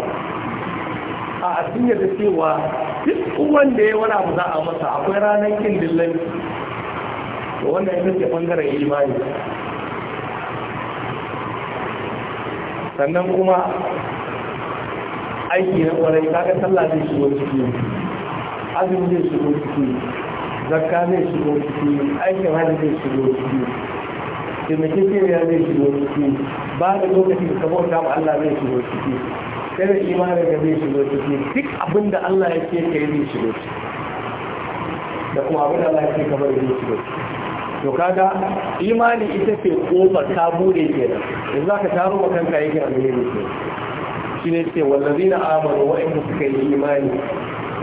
a asiya da cewa duk wanda ya wani abu za a masa akwai ranar kin dillan da wannan ya nufi bangaren imani sannan kuma aiki na kwarai kaga sallah zai shigo ciki azumi zai shigo ciki zakka zai shigo ciki aikin hajji zai shigo ciki taimakekeniya zai shigo ciki ba da lokaci da kamar ta Allah zai shigo ciki kada imanin ka zai shigo ciki duk abin da Allah ya ce ka yi zai shigo ciki da kuma abin da Allah ya ce ka bari zai shigo ciki to kaga imani ita ce kofar ta bude kenan yanzu ka taro wa kanka yake alheri ke ne ce wallazina amanu wa in suka yi imani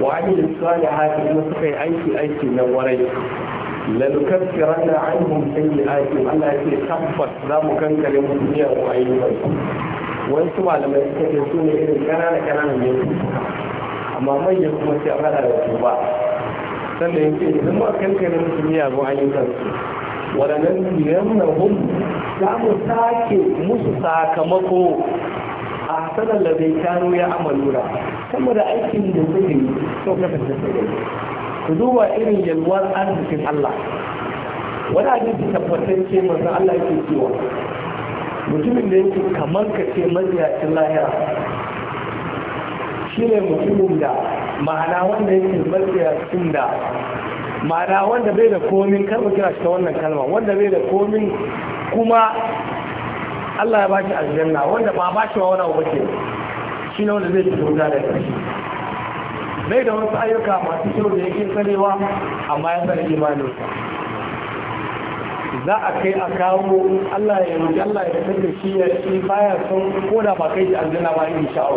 wa amilu salihati kuma suka yi aiki aiki na warai lalukaffiranna anhum sayyi'atihim Allah ya ce tabbas za mu kankare musu miyagun ayyukansu wani su malamai suka ce su ne irin ƙanana ƙananan ne amma manyan kuma sai an hada da su ba sannan ya ce idan ma kankanin su miyagun ayyukansu waɗannan biyan na hun za mu sake musu sakamako a sanar da zai kano ya amalura sama da aikin da suke sau kasance yi. ku duba irin yalwar arzikin Allah wani abin tabbatacce manzon Allah yake cewa mutumin da yake kamar ka ce maziyacin lahira shi ne mutumin da ma'ana wanda yake maziyacin da ma'ana wanda bai da komin karɓar kira shi ta wannan kalma wanda bai da komin kuma Allah ya bashi aljanna wanda ba ba shi wa wani abu ke shi ne wanda zai fi wuta da ƙarshe bai da wasu ayyuka masu kyau da yake tsarewa amma ya tsare imaninsa za a kai a kawo Allah ya yi Allah ya fitar da shi ya shi baya son ko da ba kai shi aljanna ba in sha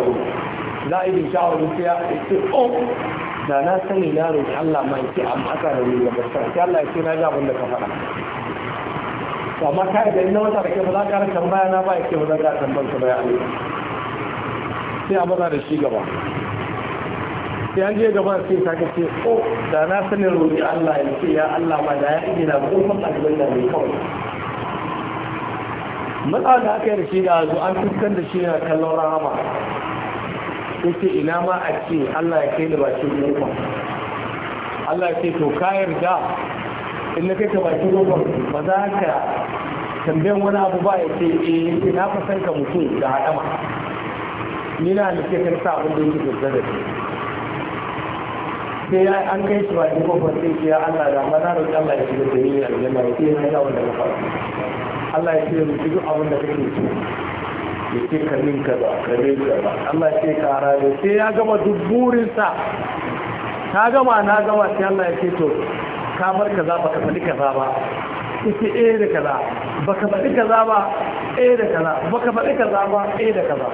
za a yi in sai ya ce oh da na sani na roƙi Allah mai ce amma aka da ni da basar sai Allah ya ce na ga abin da ka faɗa to amma kai da ina wata da ke ba za ka tambaya na ba ke ba za ka tambaya ka bayan sai a maza da shi gaba sai an je gaba sai ta ka ce o oh, da na sanin roƙi Allah ya ce ya Allah ma da ya ije na kofin da mai kawai matsa da aka yi da shi da zo an fuskan da shi na kallon rahama ce ina ma a ce Allah ya kai da bakin kofa Allah ya ce to ka yarda in na kai ka bakin kofa ba za ka tambayan wani abu ba ya ce eh na fasanka mutum da haɗama ni na nake kan sa abin da yake da da sai an kai shi bakin kofar sai ce Allah da amma na roƙi Allah ya shiga da ni aljanna ya ce na yi abin da ka faru Allah ya ce mu ci duk abin da kake so ya ce ka min kaza ka min ba Allah ya ce ka harare sai ya gama duk ta ka gama na gama sai Allah ya ce to ka bar kaza baka faɗi kaza ba ita eh da kaza baka faɗi kaza ba eh da kaza baka faɗi kaza ba eh da kaza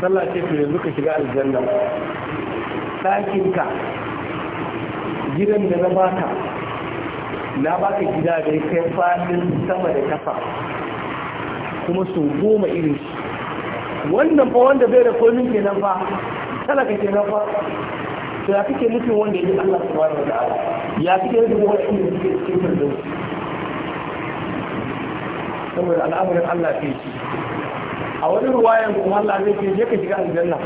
sallah ce to yanzu ka shiga aljanna ɗakinka gidan da na baka na baka gida da ya kai fadin sama da kafa kuma su goma irin shi wannan fa wanda bai da komin kenan fa talaka kenan fa to ya fike nufin wanda yake Allah su wani ta'ala ya fike nufin wanda yake cikin firdausi saboda al'amuran Allah fi shi a wani ruwayan kuma Allah zai ke je ka shiga aljanna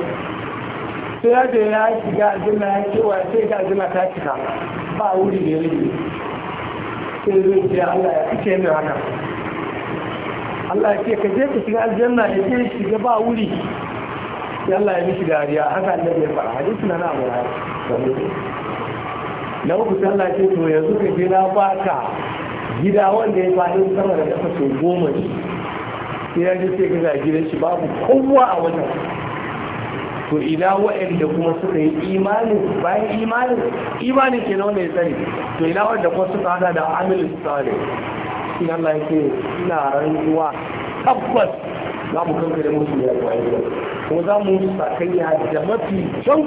sai da ya shiga aljanna ya kewa sai ga aljanna ta cika ba wuri da ya rage sai zai ce Allah ya fice mai haka Allah ya ce ka je ka shiga aljanna ya ce shiga ba wuri sai Allah ya mishi dariya haka annabi ya fara hadisi na na mura na uku sai Allah ya ce to yanzu ka je na baka gida wanda ya faɗi sama da ƙasa sau goma ne sai ya je sai ka ga gidan shi babu kowa a wajen to ina wa'anda kuma suka yi imanin bayan imanin imanin ke na wanda ya tsari to ina wanda kuma suka hada da amilin tsari shi Allah yake ina rantsuwa tabbas za mu kankare musu ya kwaye kuma za mu sakayya da mafi kyau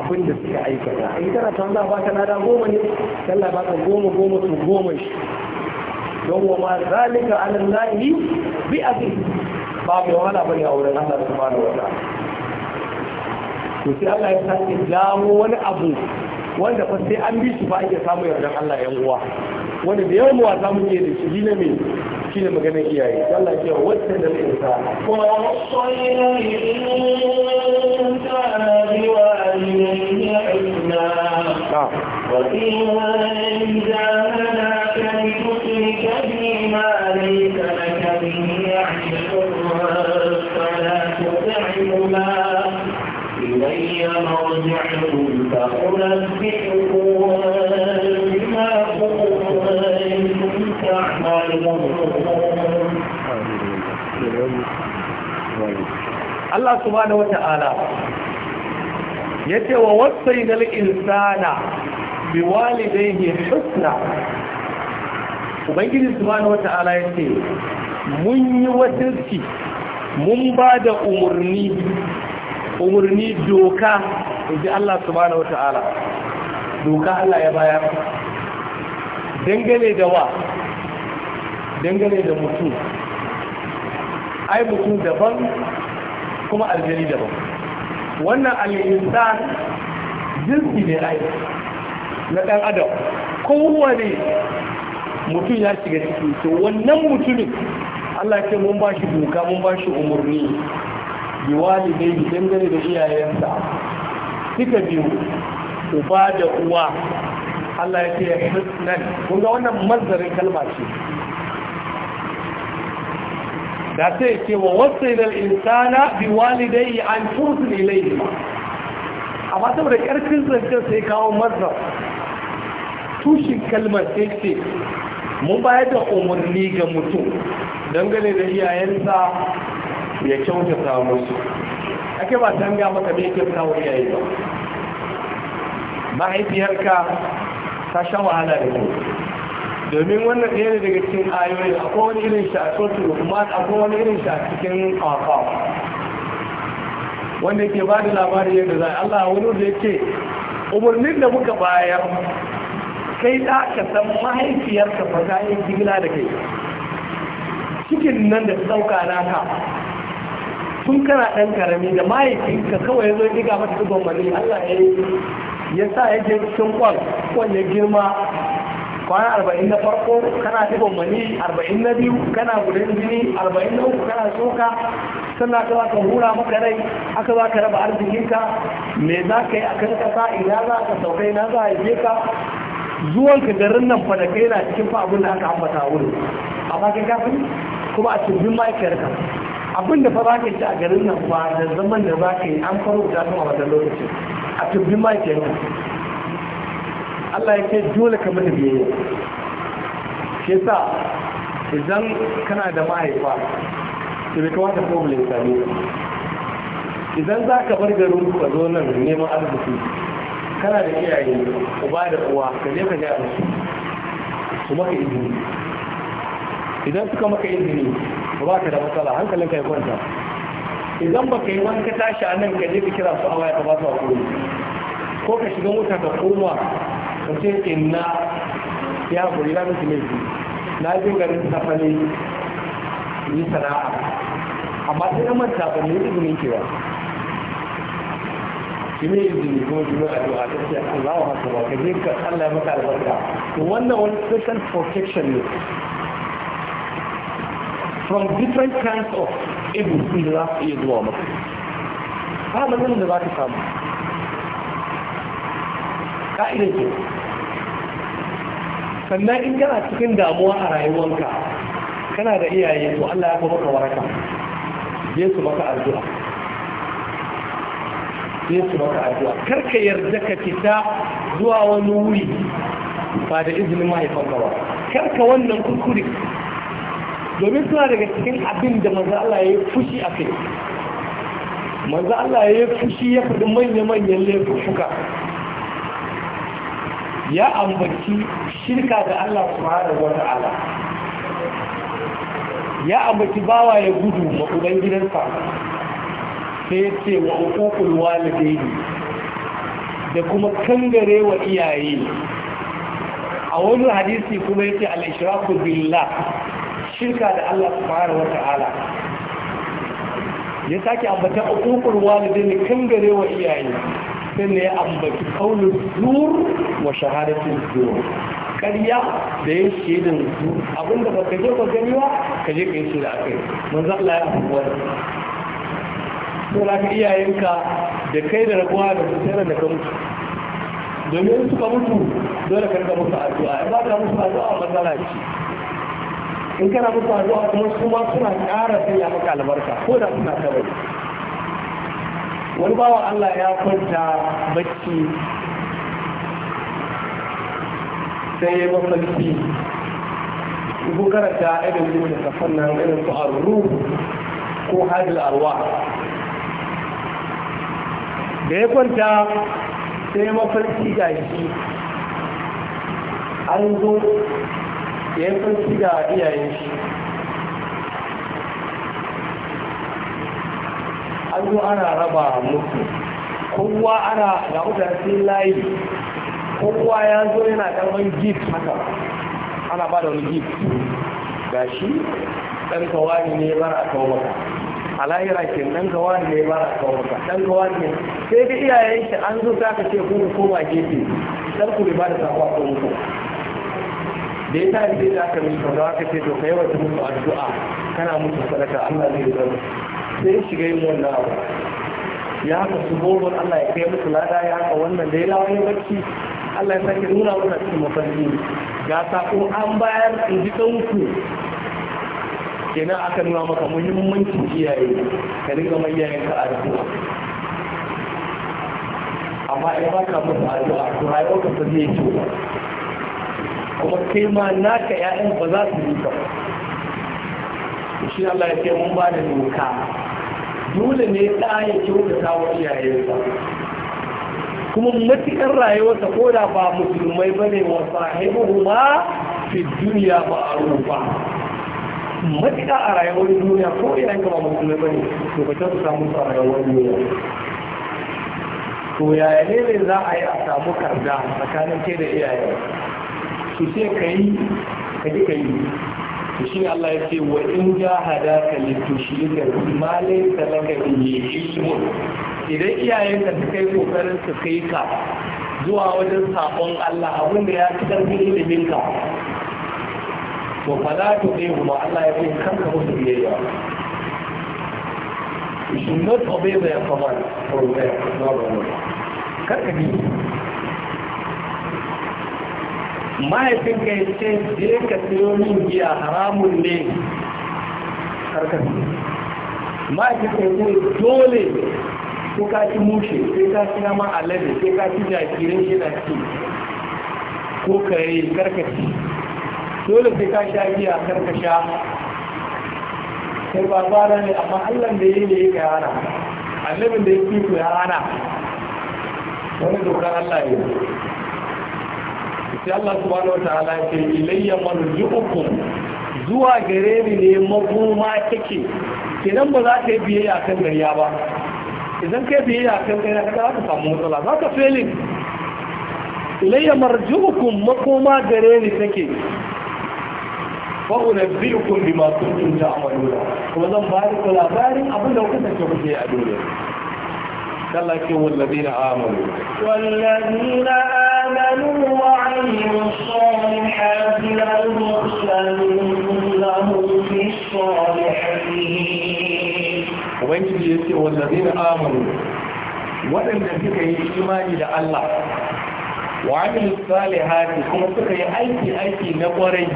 abin da suka aikata a yi tana tana a ka nada goma ne kalla ba ka goma goma su goma shi don wa ma zalika alallahi bi abin ba mai wahala bane a wurin Allah subhanahu wa ta'ala to sai Allah ya sake jawo wani abu wanda fa sai an bi shi ba ake samu yardan Allah yan uwa wanda da yawan wa zamu ne da shi ne me shi ne maganar iyaye Allah ya wata da ta ko wasayna insana biwalidayhi ihsana wa in jahadaka li tushrika bima laysa إلي مرجعكم فأنبئكم بما كنتم تعملون Allah subhanahu wata'ala yace wa wasaina al-insana biwalidayhi husna ubangiji subhanahu wata'ala yace mun yi wasilci mun ba da umarni umarni doka inji Allah subhanahu wata'ala doka Allah ya bayar dangane da wa dangane da mutum ai mutum daban kuma aljali daban wannan al'insan jinsi ne ai na ɗan adam kowane mutum ya shiga ciki to wannan mutumin Allah ce mun ba shi doka mun ba shi umarni biwali dai dangane da iyayensa suka biyu uba da uwa Allah ya ce ya hisnan kun ga wannan mazarin kalma ce da sai ce wa wasailal insana biwalidayhi an ne ilayhi amma saboda karfin zancen sai kawo mazar tushin kalmar sai ce mun bayar da umarni ga mutum dangane da iyayensa ya kyautata musu ake ba ta hanga maka da yake kawo iyaye ba mahaifiyarka ta sha wahala da ku domin wannan ɗaya ne daga cikin ayoyi akwai wani irin shi a sotu kuma akwai wani irin shi a cikin kwakwa wanda ke ba da labarin yadda za Allah wani da yake umarnin da muka bayar kai da ka san mahaifiyarka ba ta yi jigila da kai cikin nan da ta sauka naka tun kana ɗan karami da mahaifinka kawai ya zo ya diga mata digon mani Allah ya ya sa ya je cikin kwan kwan ya girma kwana arba'in na farko kana digon mani arba'in na biyu kana gudun jini arba'in na uku kana tsoka sannan aka za ka hura maka rai aka za ka raba arzikinka me za ka yi a kan ƙasa ina za ka sauka ina za a haife ka zuwanka garin nan fa da kai na cikin fa abin da aka ambata wurin amma kai kafin kuma a cikin ma'aikiyar ka abin da fa za ci a garin nan ba da zaman da ba ka yi an faru da kuma wata lokacin a tubbi ma ke nan Allah ya ce dole ka mata biyayya ke sa idan kana da mahaifa to bai kawata problem sami idan za ka bar garin ka zo nan neman arziki kana da iyaye uba da uwa ka je ka ga su kuma ka izini idan suka maka izini ba ka da matsala hankalin ka ya kwanta idan ba ka yi wani ka tashi a nan ka je ka kira su a waya ka ba su a kuri ko ka shiga mota ka koma ka ce inna ya hakuri na miki laifi na jin garin safale yi sana'a amma sai na manta ba ne izinin kewa shi ne izini kuma shi ne addu'a ta ce Allahu akbar ka je ka Allah ya maka albarka wannan wani special protection ne from different kinds of evil in da za su iya zuwa maka ba matsalin da za ta samu ka'idar ke sannan in kana cikin damuwa a rayuwanka kana da iyaye to Allah ya kuma maka waraka je su maka arzuwa yesu maka arzuwa karka yarda ka fita zuwa wani wuri ba da izinin mahaifanka ba karka wannan kurkuri domin suna daga cikin abin da maza Allah ya yi fushi a kai maza Allah ya yi fushi ya fi manya-manyan laifuka ya ambaci shirka da Allah su subhanahu wata ala ya ambaci bawa ya gudu makudan gidansa sai ce wa hukukul walidaini da kuma kangare wa iyaye a wani hadisi kuma yace al-ishraku billah shirka da Allah subhanahu wa ta'ala ya sake ambata hukukul walidin gare wa iyaye sai ya ambaci kaulul zur wa shahadatul zur kariya da yin shaidan zu abinda ba ka je ka gani ba ka je ka yi shaida akai manzo Allah ya faɗi wannan to la iyayenka da kai da rabuwa da tsara da ka mutu domin suka mutu dole ka rika musu addu'a ba ka musu addu'a matsala ce in kana musu zuwa kuma su ma suna ƙara sanya maka albarka ko da suna kawai wani bawa Allah ya kwanta bacci sai ya mafarki kun karanta irin mu da kafan nan irin su arru ko hadil arwa da ya kwanta sai ya mafarki gashi an zo ya yi tsanci ga iyayen shi an zo ana raba musu kowa ana ga mutane sun layi kowa ya zo yana karban gift haka ana ba da wani gift ga shi ɗan kawani ne bara a kawo maka a lahira ke ɗan kawani ne bara a ɗan kawani ne sai ga iyayen shi an zo ta ka ce kuma koma gefe ɗan ne ba da sakwa ko muku da ya ta yi da aka mishi kaza aka ce to kai wata musu addu'a kana musu sadaka Allah zai zama. sai shiga yin wannan abu ya haka su goron Allah ya kai musu lada ya haka wannan da ya lawaye bacci Allah ya sake nuna wannan cikin mafarki ga sako an bayar in ji ɗanku kenan aka nuna maka muhimmancin iyaye ka dinga mai iyayen ka addu'a amma in baka musu addu'a to rayuwarka ba zai yi ba kuma kai ma naka ƴaƴan ba za su yi ba shi Allah ya ce mun ba da doka dole ne ɗa ya kyautata wa iyayensa kuma matuƙar rayuwarsa ko da ba musulmai ba ne wa sahibu ma fi duniya ba a rufa matuƙa a rayuwar duniya ko ka ba musulmai ba ne to ba su samu a rayuwar duniya to yaya ne za a yi a samu karda tsakanin kai da iyayen to sai ka yi ka ji ka yi to shi Allah ya ce wa in jahadaka litushrika ma laysa laka bihi ilmun idan iyayenka suka yi kokarin su kai ka zuwa wajen sabon Allah abin da ya fi karfi ilimin ka to fa za ta kai kuma Allah ya kai kanka musu biyayya you should not obey their command or their no no ka ka bi mahaifinka ya ce je ka siyo min giya haramun ne karkar mahaifinka ya ce dole ko ka ci mushe sai ka ci nama alade sai ka ci jakirin shi na ci ko ka yi karkaci dole sai ka sha giya karkasha sai ba fara ne amma allah da ya yi ya hana annabin da ya fi ku ya hana wani dokar allah ya yi sai Allah subhanahu wataala ya ce ilayya marji'ukum zuwa gare ni ne makoma kake. kenan ba za ka yi biyayya kan gariya ba idan ka yi biyayya kan gariya ka za ka samu matsala za ka felin ilayya marji'ukum makoma gare ni take fa unabbi'ukum bima kuntum ta'maluna kuma zan ba ku labarin abin da kuka ce kuke a duniya Allah ke wallazina amanu wallazina ubangiji ya ce wanda zai na amuru waɗanda suka yi imani da Allah wa amilu salihati kuma suka yi aiki aiki na kwarai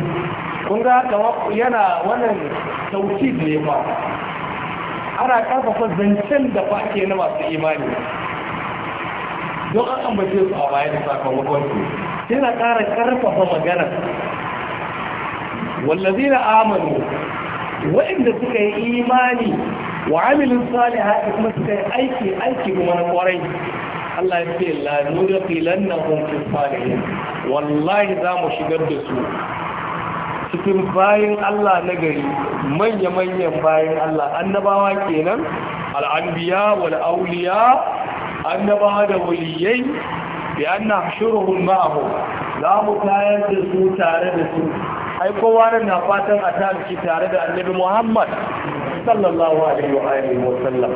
kun ga haka yana wannan tauki ne ba ana karfafa zancen da ba ke na masu imani don an ambace su a bayan sakamakon su sai na ƙara karfafa magana wallazi na amanu waɗanda suka yi imani wa amilin salihati kuma suka yi aiki aiki kuma na kwarai Allah ya ce la nudkhilan nahum fi salihin wallahi za mu shigar da su cikin bayan Allah na gari manya manyan bayan Allah annabawa kenan al-anbiya wal awliya annabawa da waliyai bi anna shuruhum ma'ahu za mu tayar da su tare da su ai kowa na fatan a tare tare da annabi Muhammad sallallahu alaihi wa alihi wa sallam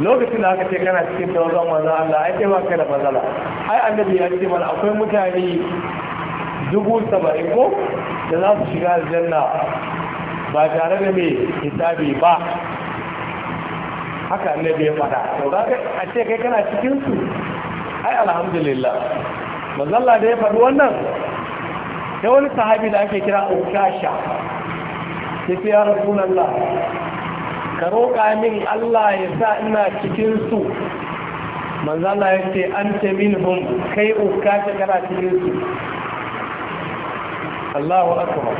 lokacin da aka ce kana cikin tawazon manzo Allah ai sai ba kai da matsala ai annabi ya ce mana akwai mutane dubu saba'in ko da za su shiga aljanna ba tare da mai hisabi ba haka annabi ya faɗa to kaga a ce kai kana cikin su ai alhamdulillah manzo Allah da ya faɗi wannan sai wani sahabi da ake kira Ukasha sai ya Allah. ka roƙa min Allah ya sa ina cikin su manzala ya ce an ce hun kai uka ta kara cikin su Allahu akbar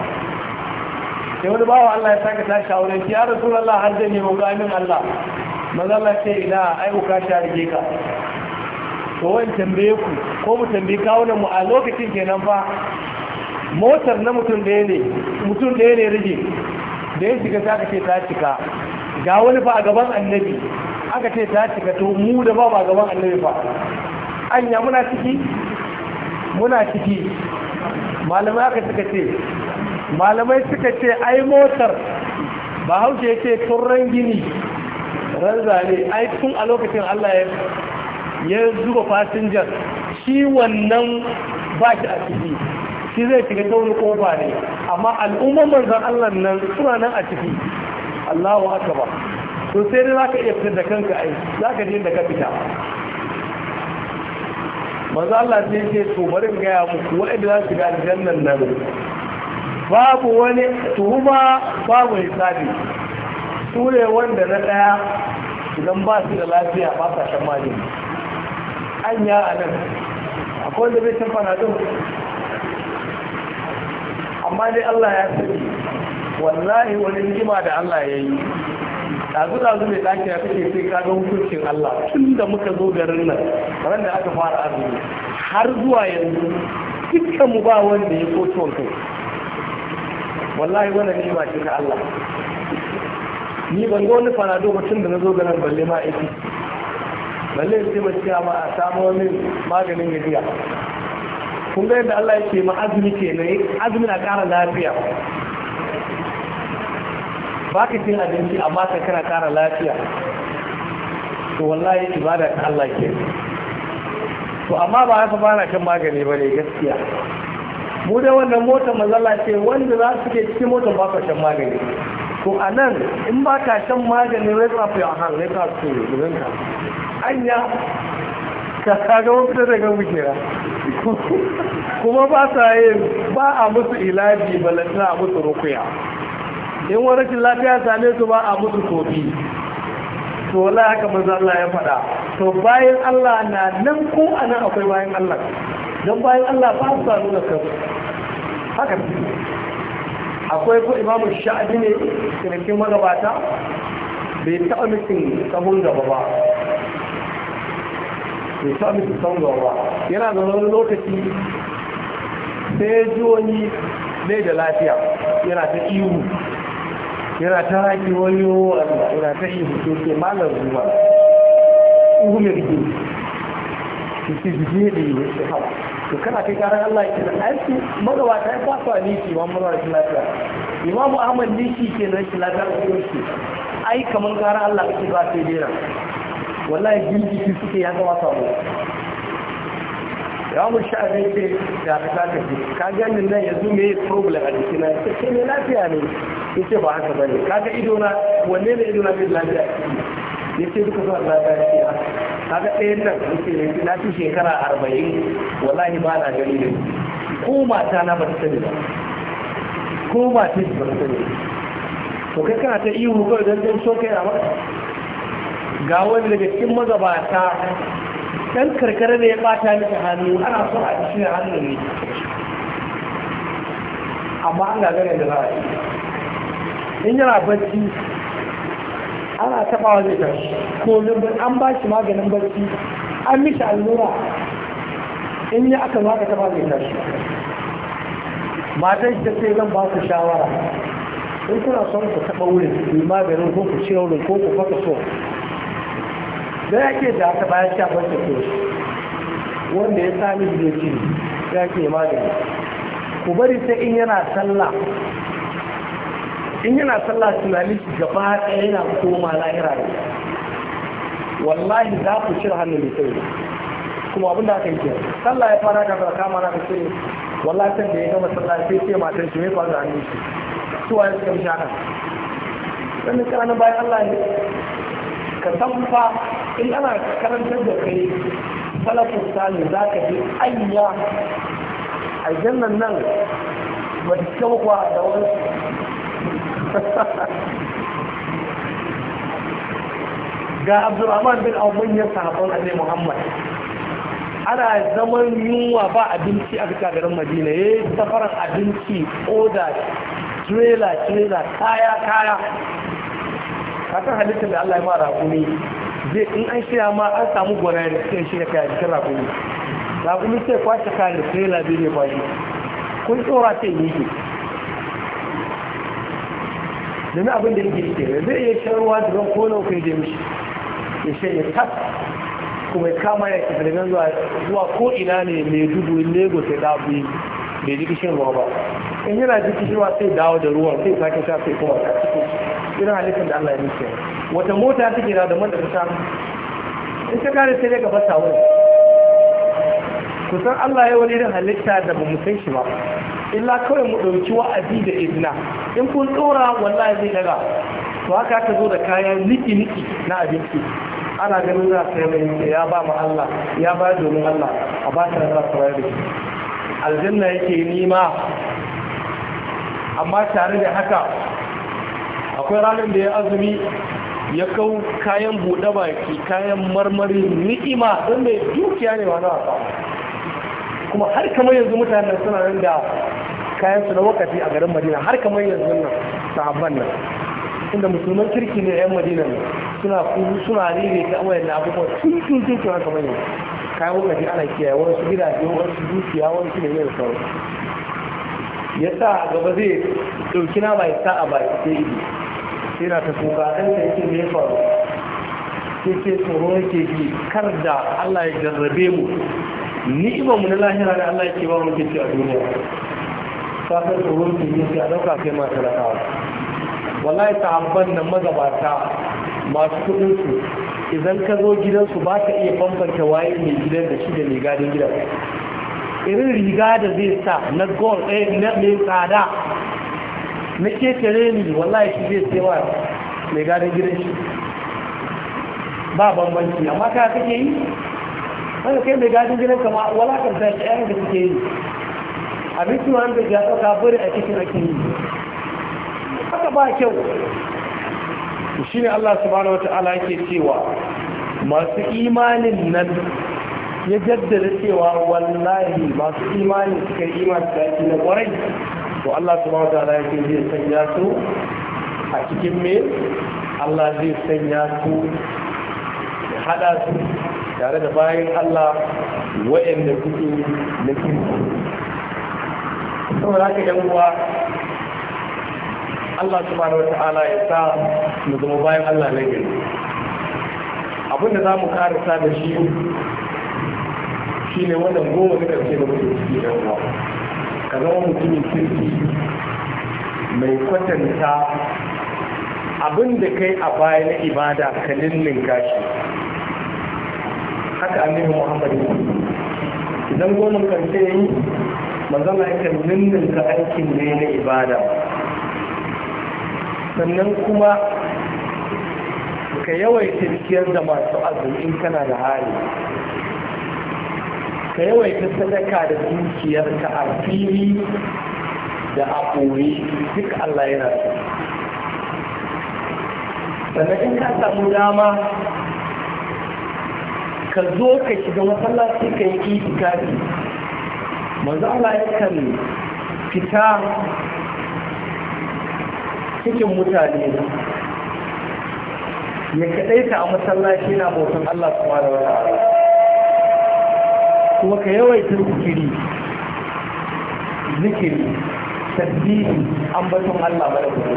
sai wani bawa Allah ya saka tashi shawarar shi ya Allah har da ne roƙa min Allah manzala ce ina ai uka ta rige ka to wani tambaye ku ko mu tambaye kawunan mu a lokacin kenan fa motar na mutum ɗaya ne mutum ɗaya ne rige da ya shiga ta ce ta cika ga wani fa a gaban annabi aka ce ta cika to mu da ba ba gaban annabi fa anya muna ciki muna ciki malamai aka suka ce malamai suka ce ai motar ba hauke ya ce turren gini ran zane ai tun a lokacin allah ya zuba fasinjar shi wannan ba shi a ciki shi zai shiga ta wani kofa ne amma al'ummar manzan allah nan suna nan a ciki Allahu akbar to sai dai zaka iya fitar da kanka ai zaka je da ka fita manzo Allah sai ce to bari in ga muku wa'anda za su ga aljannan nan babu wani tuhuma babu hisabi sure wanda na daya idan ba su da lafiya ba sa shan magani anya anan, akwai wanda bai san don amma dai Allah ya sani wallahi wani jima da Allah ya yi ɗazu ɗazu mai ɗaki ya kake sai ka ga hukuncin Allah tun da muka zo garin nan ran da aka fara azumi har zuwa yanzu dukkan mu ba wanda ya ko ciwon kai wallahi wani nima ce ta Allah ni ban ga wani fanado ba tun da na zo garin balle ma aiki balle sai mace ma a samu min maganin gajiya kun ga yadda Allah ya yake ma azumi kenan azumi na ƙara lafiya ba ka cin abinci amma ka kana kara lafiya to wallahi ibada ta Allah ke to amma ba haka ba na kan magani ba gaskiya mu da wannan motar mazalla ce wanda za su ke cikin motar ba ka shan magani to a nan in ba ka shan magani rai tsafi a hannu rai ka su zurin ka anya ka kaga wani fitar daga mukera kuma ba sa yin ba a musu ilaji balantana a musu rukuya in wani rikin lafiya same su ba a mutu kofi to wala haka maza Allah ya faɗa to bayan Allah na nan ko a nan akwai bayan Allah don bayan Allah ba su da kansu haka akwai ko imamu sha'adi ne kirkin magabata bai taɓa mutum sahun gaba ba bai taɓa mutum sahun gaba ba yana da wani lokaci sai ya ji wani bai da lafiya yana ta ihu yana ta haƙi wani Allah yana ta ihu ke ke malar zuwa umar ke ke ce jije da yi wasu hau to kana kai karan Allah ke nan aiki magawa ta yi fasa ne ke ma mura rashin lafiya imamu ahmad ne ke ke rashin lafiya a kuma shi ai kamar karan Allah kake ba sai dera wallahi jirgi suke ya gama samu ya mu sha ne ce da ka ka ji ka gani nan yanzu me problem a jikina ya ce ne lafiya ne ya ce ba haka bane ka ga ido na wanne ne ido na bai lafiya ya ce duka zuwa lafiya ya ah. ka ga ɗayan nan ya ce na fi shekara arba'in wallahi ba na gani ne ko mata na ba ta sani ba ko mata ba ta sani to kai kana ta ihu ko don don so kai a ga wani daga cikin mazabata dan karkara ne ya bata miki hannu ana so a ishe hannu ne amma an ga gagara da za a yi in yana bacci ana tabawa zai tashi ko an ba shi maganin bacci an mishi allura in yi aka zo ka taba zai tashi matan shi ta ce zan ba ku shawara in kuna son ku taɓa wurin ku yi maganin ko ku cire wurin ko ku faka so da yake da aka bayan shafar bace ko wanda ya sami zai ci ya ke magani ku bari sai in yana sallah in yana sallah tunanin shi gaba ɗaya yana koma lahira ne wallahi za ku cire hannu mai tsaye kuma abin da aka yi ke sallah ya fara ka zarka kama na ka ce wallahi sai da ya gama sallah sai ce matan shi mai faru da hannun shi su waye suka mishi haka sannan kana bayan Allah ne ka san fa in ana karantar da kai salafin sani za ka ji ayya a jannan nan ba ta kyauwa da wani ga abdurrahman bin abun ya sahabon annabi muhammad ana zaman yunwa ba abinci a bisa garin madina ya yi safarar abinci oda trailer trailer kaya kaya kasan halittar da Allah ya ma raƙumi zai in an shirya ma an samu da suke shirya kai a jikin raƙumi raƙumi sai kwashe kayan da sai labe ne ba shi kun tsora sai yi ke domin abin da yake ke zai iya shan ruwa da zan kona k'o ya mishi ya shan ya tas kuma ya kama ya ke daga zuwa ko ina ne mai dubu lagos ya dabu bai ji kishin ruwa ba in yana ji ruwa sai dawo da ruwan sai sake sha sai kuma ta cikin irin halittar da Allah ya nufi wata mota take da man da ta sha in ta kare sai ga gaba ta kusan Allah ya wani irin halitta da ba mu san shi ba illa kawai mu ɗauki wa'azi da izina in kun tsora wallahi zai daga to haka ka zo da kayan niki-niki na abinci ana ganin za ka yi ya ba mu Allah ya ba domin Allah a ba ta rasa da shi aljanna yake nima amma tare da haka akwai ranar da ya azumi ya kau kayan buɗe baki kayan marmari ni'ima don da dukiya ne wani wasa kuma har kamar yanzu mutanen suna nan da kayan su na wakati a garin madina har kamar yanzu nan sahabban nan inda musulman kirki ne 'yan madina suna kuru suna rere ta amurin da abubuwa tun tun tun kamar yanzu kayan mafi ana kiyaye wasu gidaje wasu dukiya wani su ne mai sauran ya sa gaba zai ɗauki na mai sa a bai sai ido sai na ta kuka ɗan ta yake mai faru sai ce tsoro yake ji kar da Allah ya jarrabe mu Ni ni'imar mu na lahira da Allah ke ba mu ke ci a duniya ta san tsoro yake ji sai a ɗauka kai ma talakawa wallahi ta habban nan magabata masu kuɗin su idan ka zo gidansu ba ka iya bambanta waye mai gidan da shi da mai gadin gidan irin riga da zai sa na gol ɗaya eh, na mai tsada na ketare ne wallahi shi zai sai wa mai gadin gidan shi ba bambanci amma ka kake yi wanda kai mai gadin gidan kama walakar da shi ɗayan da suke yi abinci wanda ya ɗauka bari a cikin ake yi haka ba kyau shi ne Allah subhanahu wata'ala yake cewa masu imanin nan ya jaddada cewa wallahi masu imani suka yi imani da na kwarai to Allah subhanahu wata'ala yake zai sanya su a cikin me Allah zai sanya su ya hada su tare da bayan Allah waɗanda kuke na kirki saboda haka yan uwa Allah subhanahu ya sa mu zama bayan Allah na gani. abin da za mu karasa da shi shi ne wannan goma na ƙarshe da mutum ciki ɗan uwa ka zama mutumin kirki mai kwatanta abin da kai a baya na ibada ka ninninka shi haka annabi Muhammad idan goma ƙarshe yi manzon Allah yakan ninninka aikin ne na ibada sannan kuma ka yawaita ciyar da masu azumi kana da hari, ka yawaita sadaka da dukiyar ka a fili da a ɓoye duk Allah yana su sannan in ka samu dama ka zo ka shiga masallaci ka yi itikafi manzo Allah kan fita cikin mutane ya kaɗaita a masallaci na bautan Allah kuma da wata ala kuma ka yawaita zikiri zikiri tasbihi ambaton Allah ba da kuma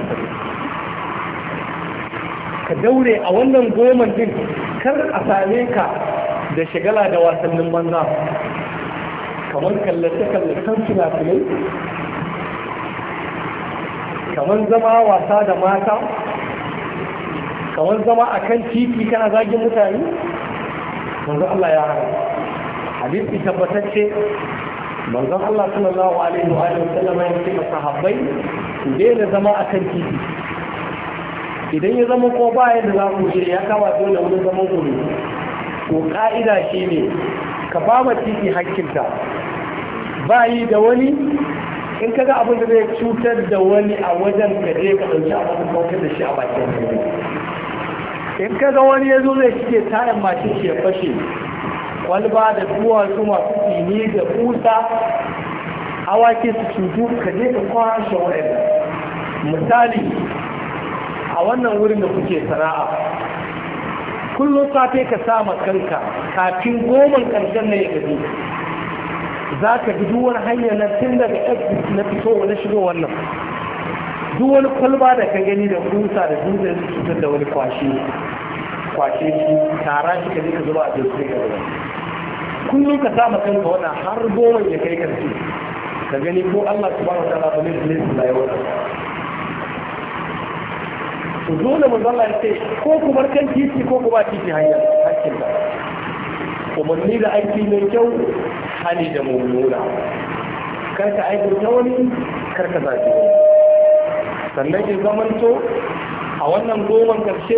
ka daure a wannan goma din kar a same ka da shigala da wasannin banza kamar kallace kallacen fina-finai kamar zama wasa da mata kamar zama a kan titi kana zagin mutane manzon Allah ya hana hadisi tabbatacce manzon Allah sallallahu alaihi wa Sallama ya ce ga sahabbai su daina zama a kan titi idan ya zama ko ba yadda za ku je ya kama dole wani zaman ku to ka'ida shi ne ka ba ma titi hakkinta ba yi da wani in ka ga abin da zai cutar da wani a wajen ka je ka ɗauki abin da kawai da shi a bakin in ka ga wani ya zo zai cike tayan mashin shi ya fashe kwalba da duwatsu masu tsini da kusa awaki su cutu ka je ka kwashe shawarar, misali a wannan wurin da kuke sana'a kullum safe ka sa kanka kafin goma ƙarshen na ya gaji za ka duk duwar hanyar nan tun daga exit na fito wani shigo wannan duk wani kwalba da ka gani da kusa da dutse su cutar da wani kwashe kwashe shi tara shi ka ji ka zuba a jirgin ka zuba kullum ka sa maka ka wannan har goma ya kai karfi ka gani ko Allah subhanahu wataala ba ne zai su da yawa to dole mu zalla ya ce ko ku bar kan titi ko ku ba titi hanya hakkin ka umarni da aiki mai kyau Hali da mummuna kar ka aikata wani kar ka zaɓi wani sannan ki zamanto a wannan goman karshe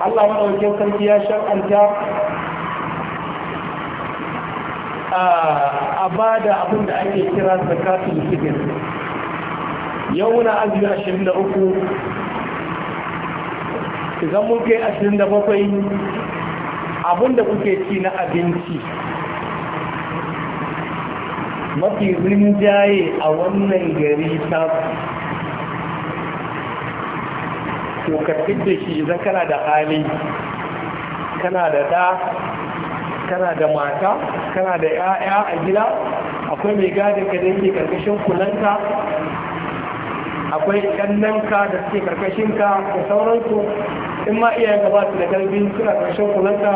Allah maɗaukin sarki ya shar'anta a ba da abin da ake kira zakatul fitr yau muna azumi ashirin da uku idan mun kai ashirin da bakwai abin da kuke ci na abinci mafi rinjaye a wannan gari ta to ka da shi idan kana da hali kana da da kana da mata kana da 'ya'ya a gida akwai mai gadin ka da yake karkashin kulanta, akwai kannanka da suke karkashin ka da sauransu in ma iyayen ka ba su da karfi suna karkashin kulanta.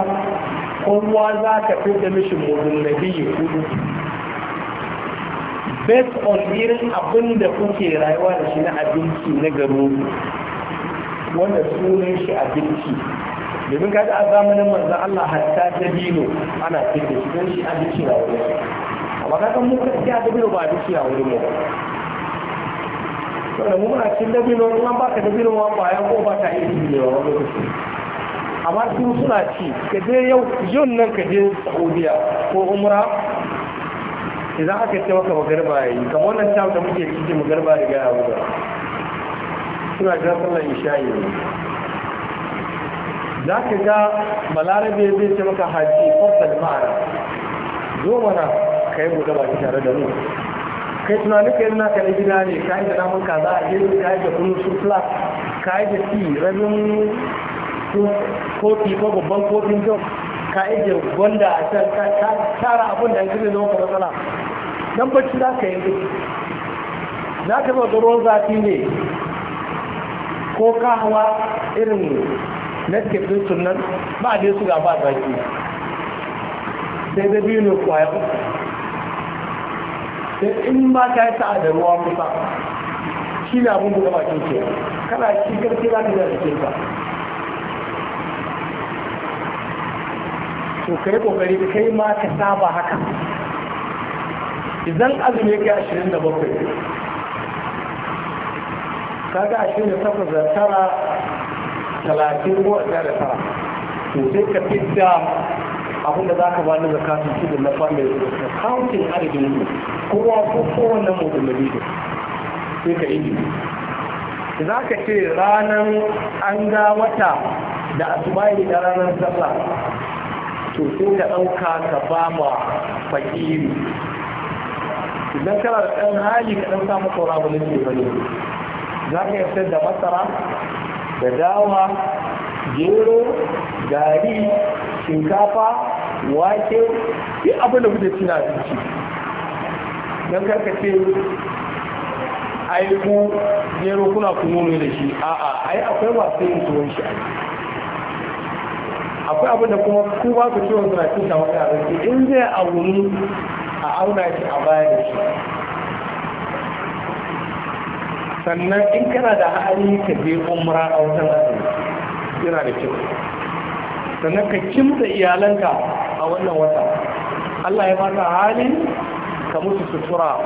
ko ruwa za ka fi da mishin mudun biyu hudu based on irin abin da kuke rayuwa da shi na abinci na garo wanda sunan shi abinci domin kaga a zamanin manzan Allah hatta ta dino ana cikin shi don shi abinci na wuri amma kaga mu ka ci dabino ba abinci na wurin mu saboda mu muna ci dabino kuma an baka dabino ma ya, ko ba ta iya ci da yawa lokaci amma su suna ci ka je yau yau nan ka je Saudiya ko Umra idan aka ce maka magarba yi kamar wannan ta da muke cikin magarba da gaya ba suna ga sallar isha'i ne za ka ga balarabe zai ce maka haji fasal ma'ana zo mana ka yi buɗe baki tare da mu kai tunanin ka yi naka na gida ne ka yi da namun kaza a gefe ka yi da kunu su flat ka yi da ti rabin kofi ko babban kofin jok ka ajiye gwanda a can ka tara abin da yanzu zama ka matsala nan bacci za ka yanzu za ka zama ruwan zafi ne ko ka hawa irin netscape din sunan ba a su ga ba zafi sai da biyu ne kwaya sai in ma ka yi sa'a da ruwa kusa shi ne abin da bakin ke kana shi karfi za ka yi da to kai kokari kai ma ka saba haka idan azumi ya kai ashirin da bakwai kaga ashirin da takwas da tara talatin ko a da tara to sai ka fita abin da za ka bani zakatun su da na family da counting adadin mu kowa ko kowanne mutum da biyu sai ka yi za ka ce ranar an ga wata da asubahi da ranar sallah to sai ka ɗauka ka ba ma fakiri idan kana da ɗan hali ka ɗan samu kora wani ba ne za ka yi da masara da dawa gero gari shinkafa wake duk abin da kuke cin abinci don karka ce ai ku gero kuna kuno ne da shi a'a ai akwai wasu yin tuwon shi a akwai abin da kuma su ba su ciwon suna cin da wani abinci in zai a wuri a auna shi a baya da shi sannan in kana da hali ka je umra a wutan asibiti yana da kyau sannan ka cimta iyalanka a wannan wata Allah ya baka hali ka mutu sutura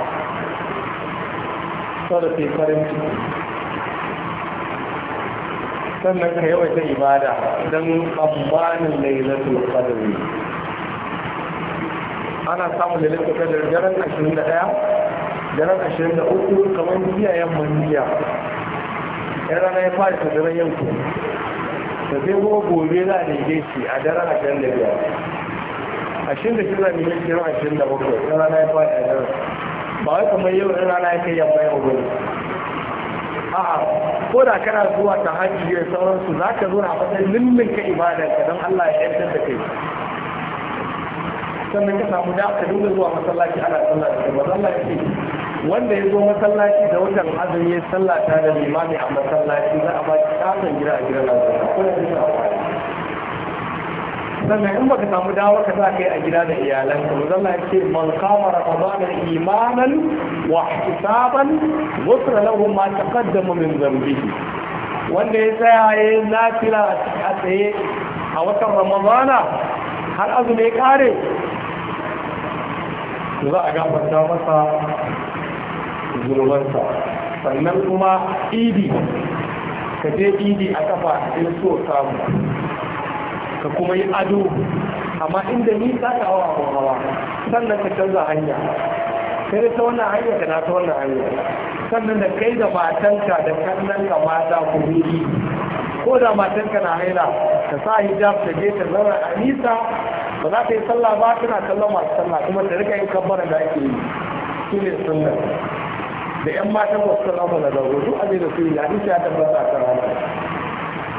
sau da farin ciki sannan ka ta ibada don tsammanin lailatul qadr ana samun lailatul qadr daren 21 daren 23 kamar jiya yamman jiya yan rana ya fara ta daren yanku da zai kuma gobe za a daidai shi a daren 25 ashirin da shirya ne yankin ashirin da bakwai yan rana ya fara a daren ba wai kamar yau yan rana ya kai yamma yau gobe a'a ko da kana zuwa ta hajji da sauransu za ka zo na faɗin lullun ka ibadarka don Allah ya yantar da kai sannan ka samu da ka dinga zuwa masallaci ana sallah da ba Allah ce wanda ya zo masallaci da watan azumi ya sallata da limami a masallaci za a ba shi katon gida a gidan Allah ko da sannan in baka samu dawa ka za ka yi a gida da iyalan ka zan na ce man kama ramadana imanan wa hisaban wasra lahu ma taqaddama min dhanbihi wanda ya tsaya ya yi nafila a tsaye a watan ramadana har azumi ya kare za a gafarta masa zurbansa sannan kuma idi ka je idi a kafa in so samu ka kuma yi ado amma inda ni ta kawo a hawa sannan ka canza hanya kai ta wannan hanya ka na ta wannan hanya sannan da kai da matanka da kallon ka mata ku biyu ko da matanka na haila ka sa hijab ta je ta zara a nisa ba za ka yi sallah ba tana kallon masu sallah kuma ta rika yin kabbara da ake yi shi ne sunna da yan matan ba su sallah da zago duk abin da su yi hadisi ya tabbata a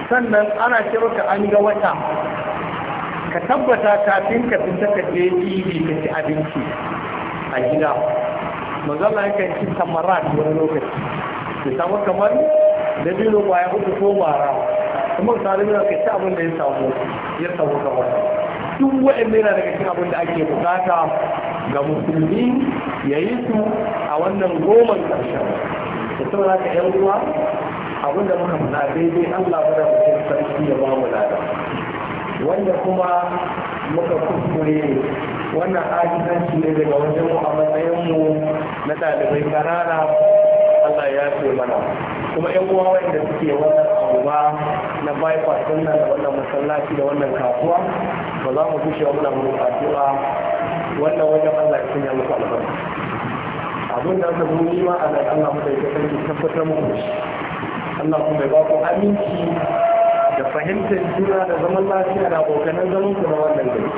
sannan ana ce maka an ga wata ka tabbata kafin ka fita ka je tv ka ci abinci a gida manzala yakan ci tamarat wani lokaci ya samu kamar da biro ya uku ko bara kuma ka samu ka ci abin da ya samu ya samu kamar duk yana daga cikin abin da ake bukata ga musulmi ya yi su a wannan goman ƙarshen da saboda ka yan uwa abin da muka na daidai Allah bada mutum sarki ya ba mu lada wanda kuma muka kuskure wannan ajizanci ne daga wajen mu a matsayinmu na ɗalibai ƙanana Allah ya ce mana kuma yan uwa wanda suke wannan abuwa na bypass din nan da wannan masallaci da wannan kasuwa ba za mu kushe wa muna mu addu'a wannan wajen Allah ya sanya muku albarka abin da aka zo nima a nan Allah mu da ya kasance tabbatar muku da shi Allah kuma ya ba ku aminci da fahimtar juna da zaman lafiya da abokanan zaman ku na wannan gari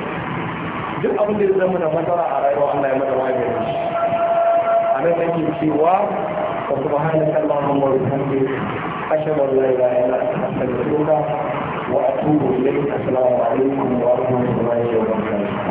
duk abin da ya zama da matsala a rayuwa Allah ya mata magani a nan nake cewa wa subhanaka allahumma wa bihamdika ashhadu an la ilaha illa anta astaghfiruka wa atubu ilayk assalamu alaikum wa rahmatullahi wa barakatuh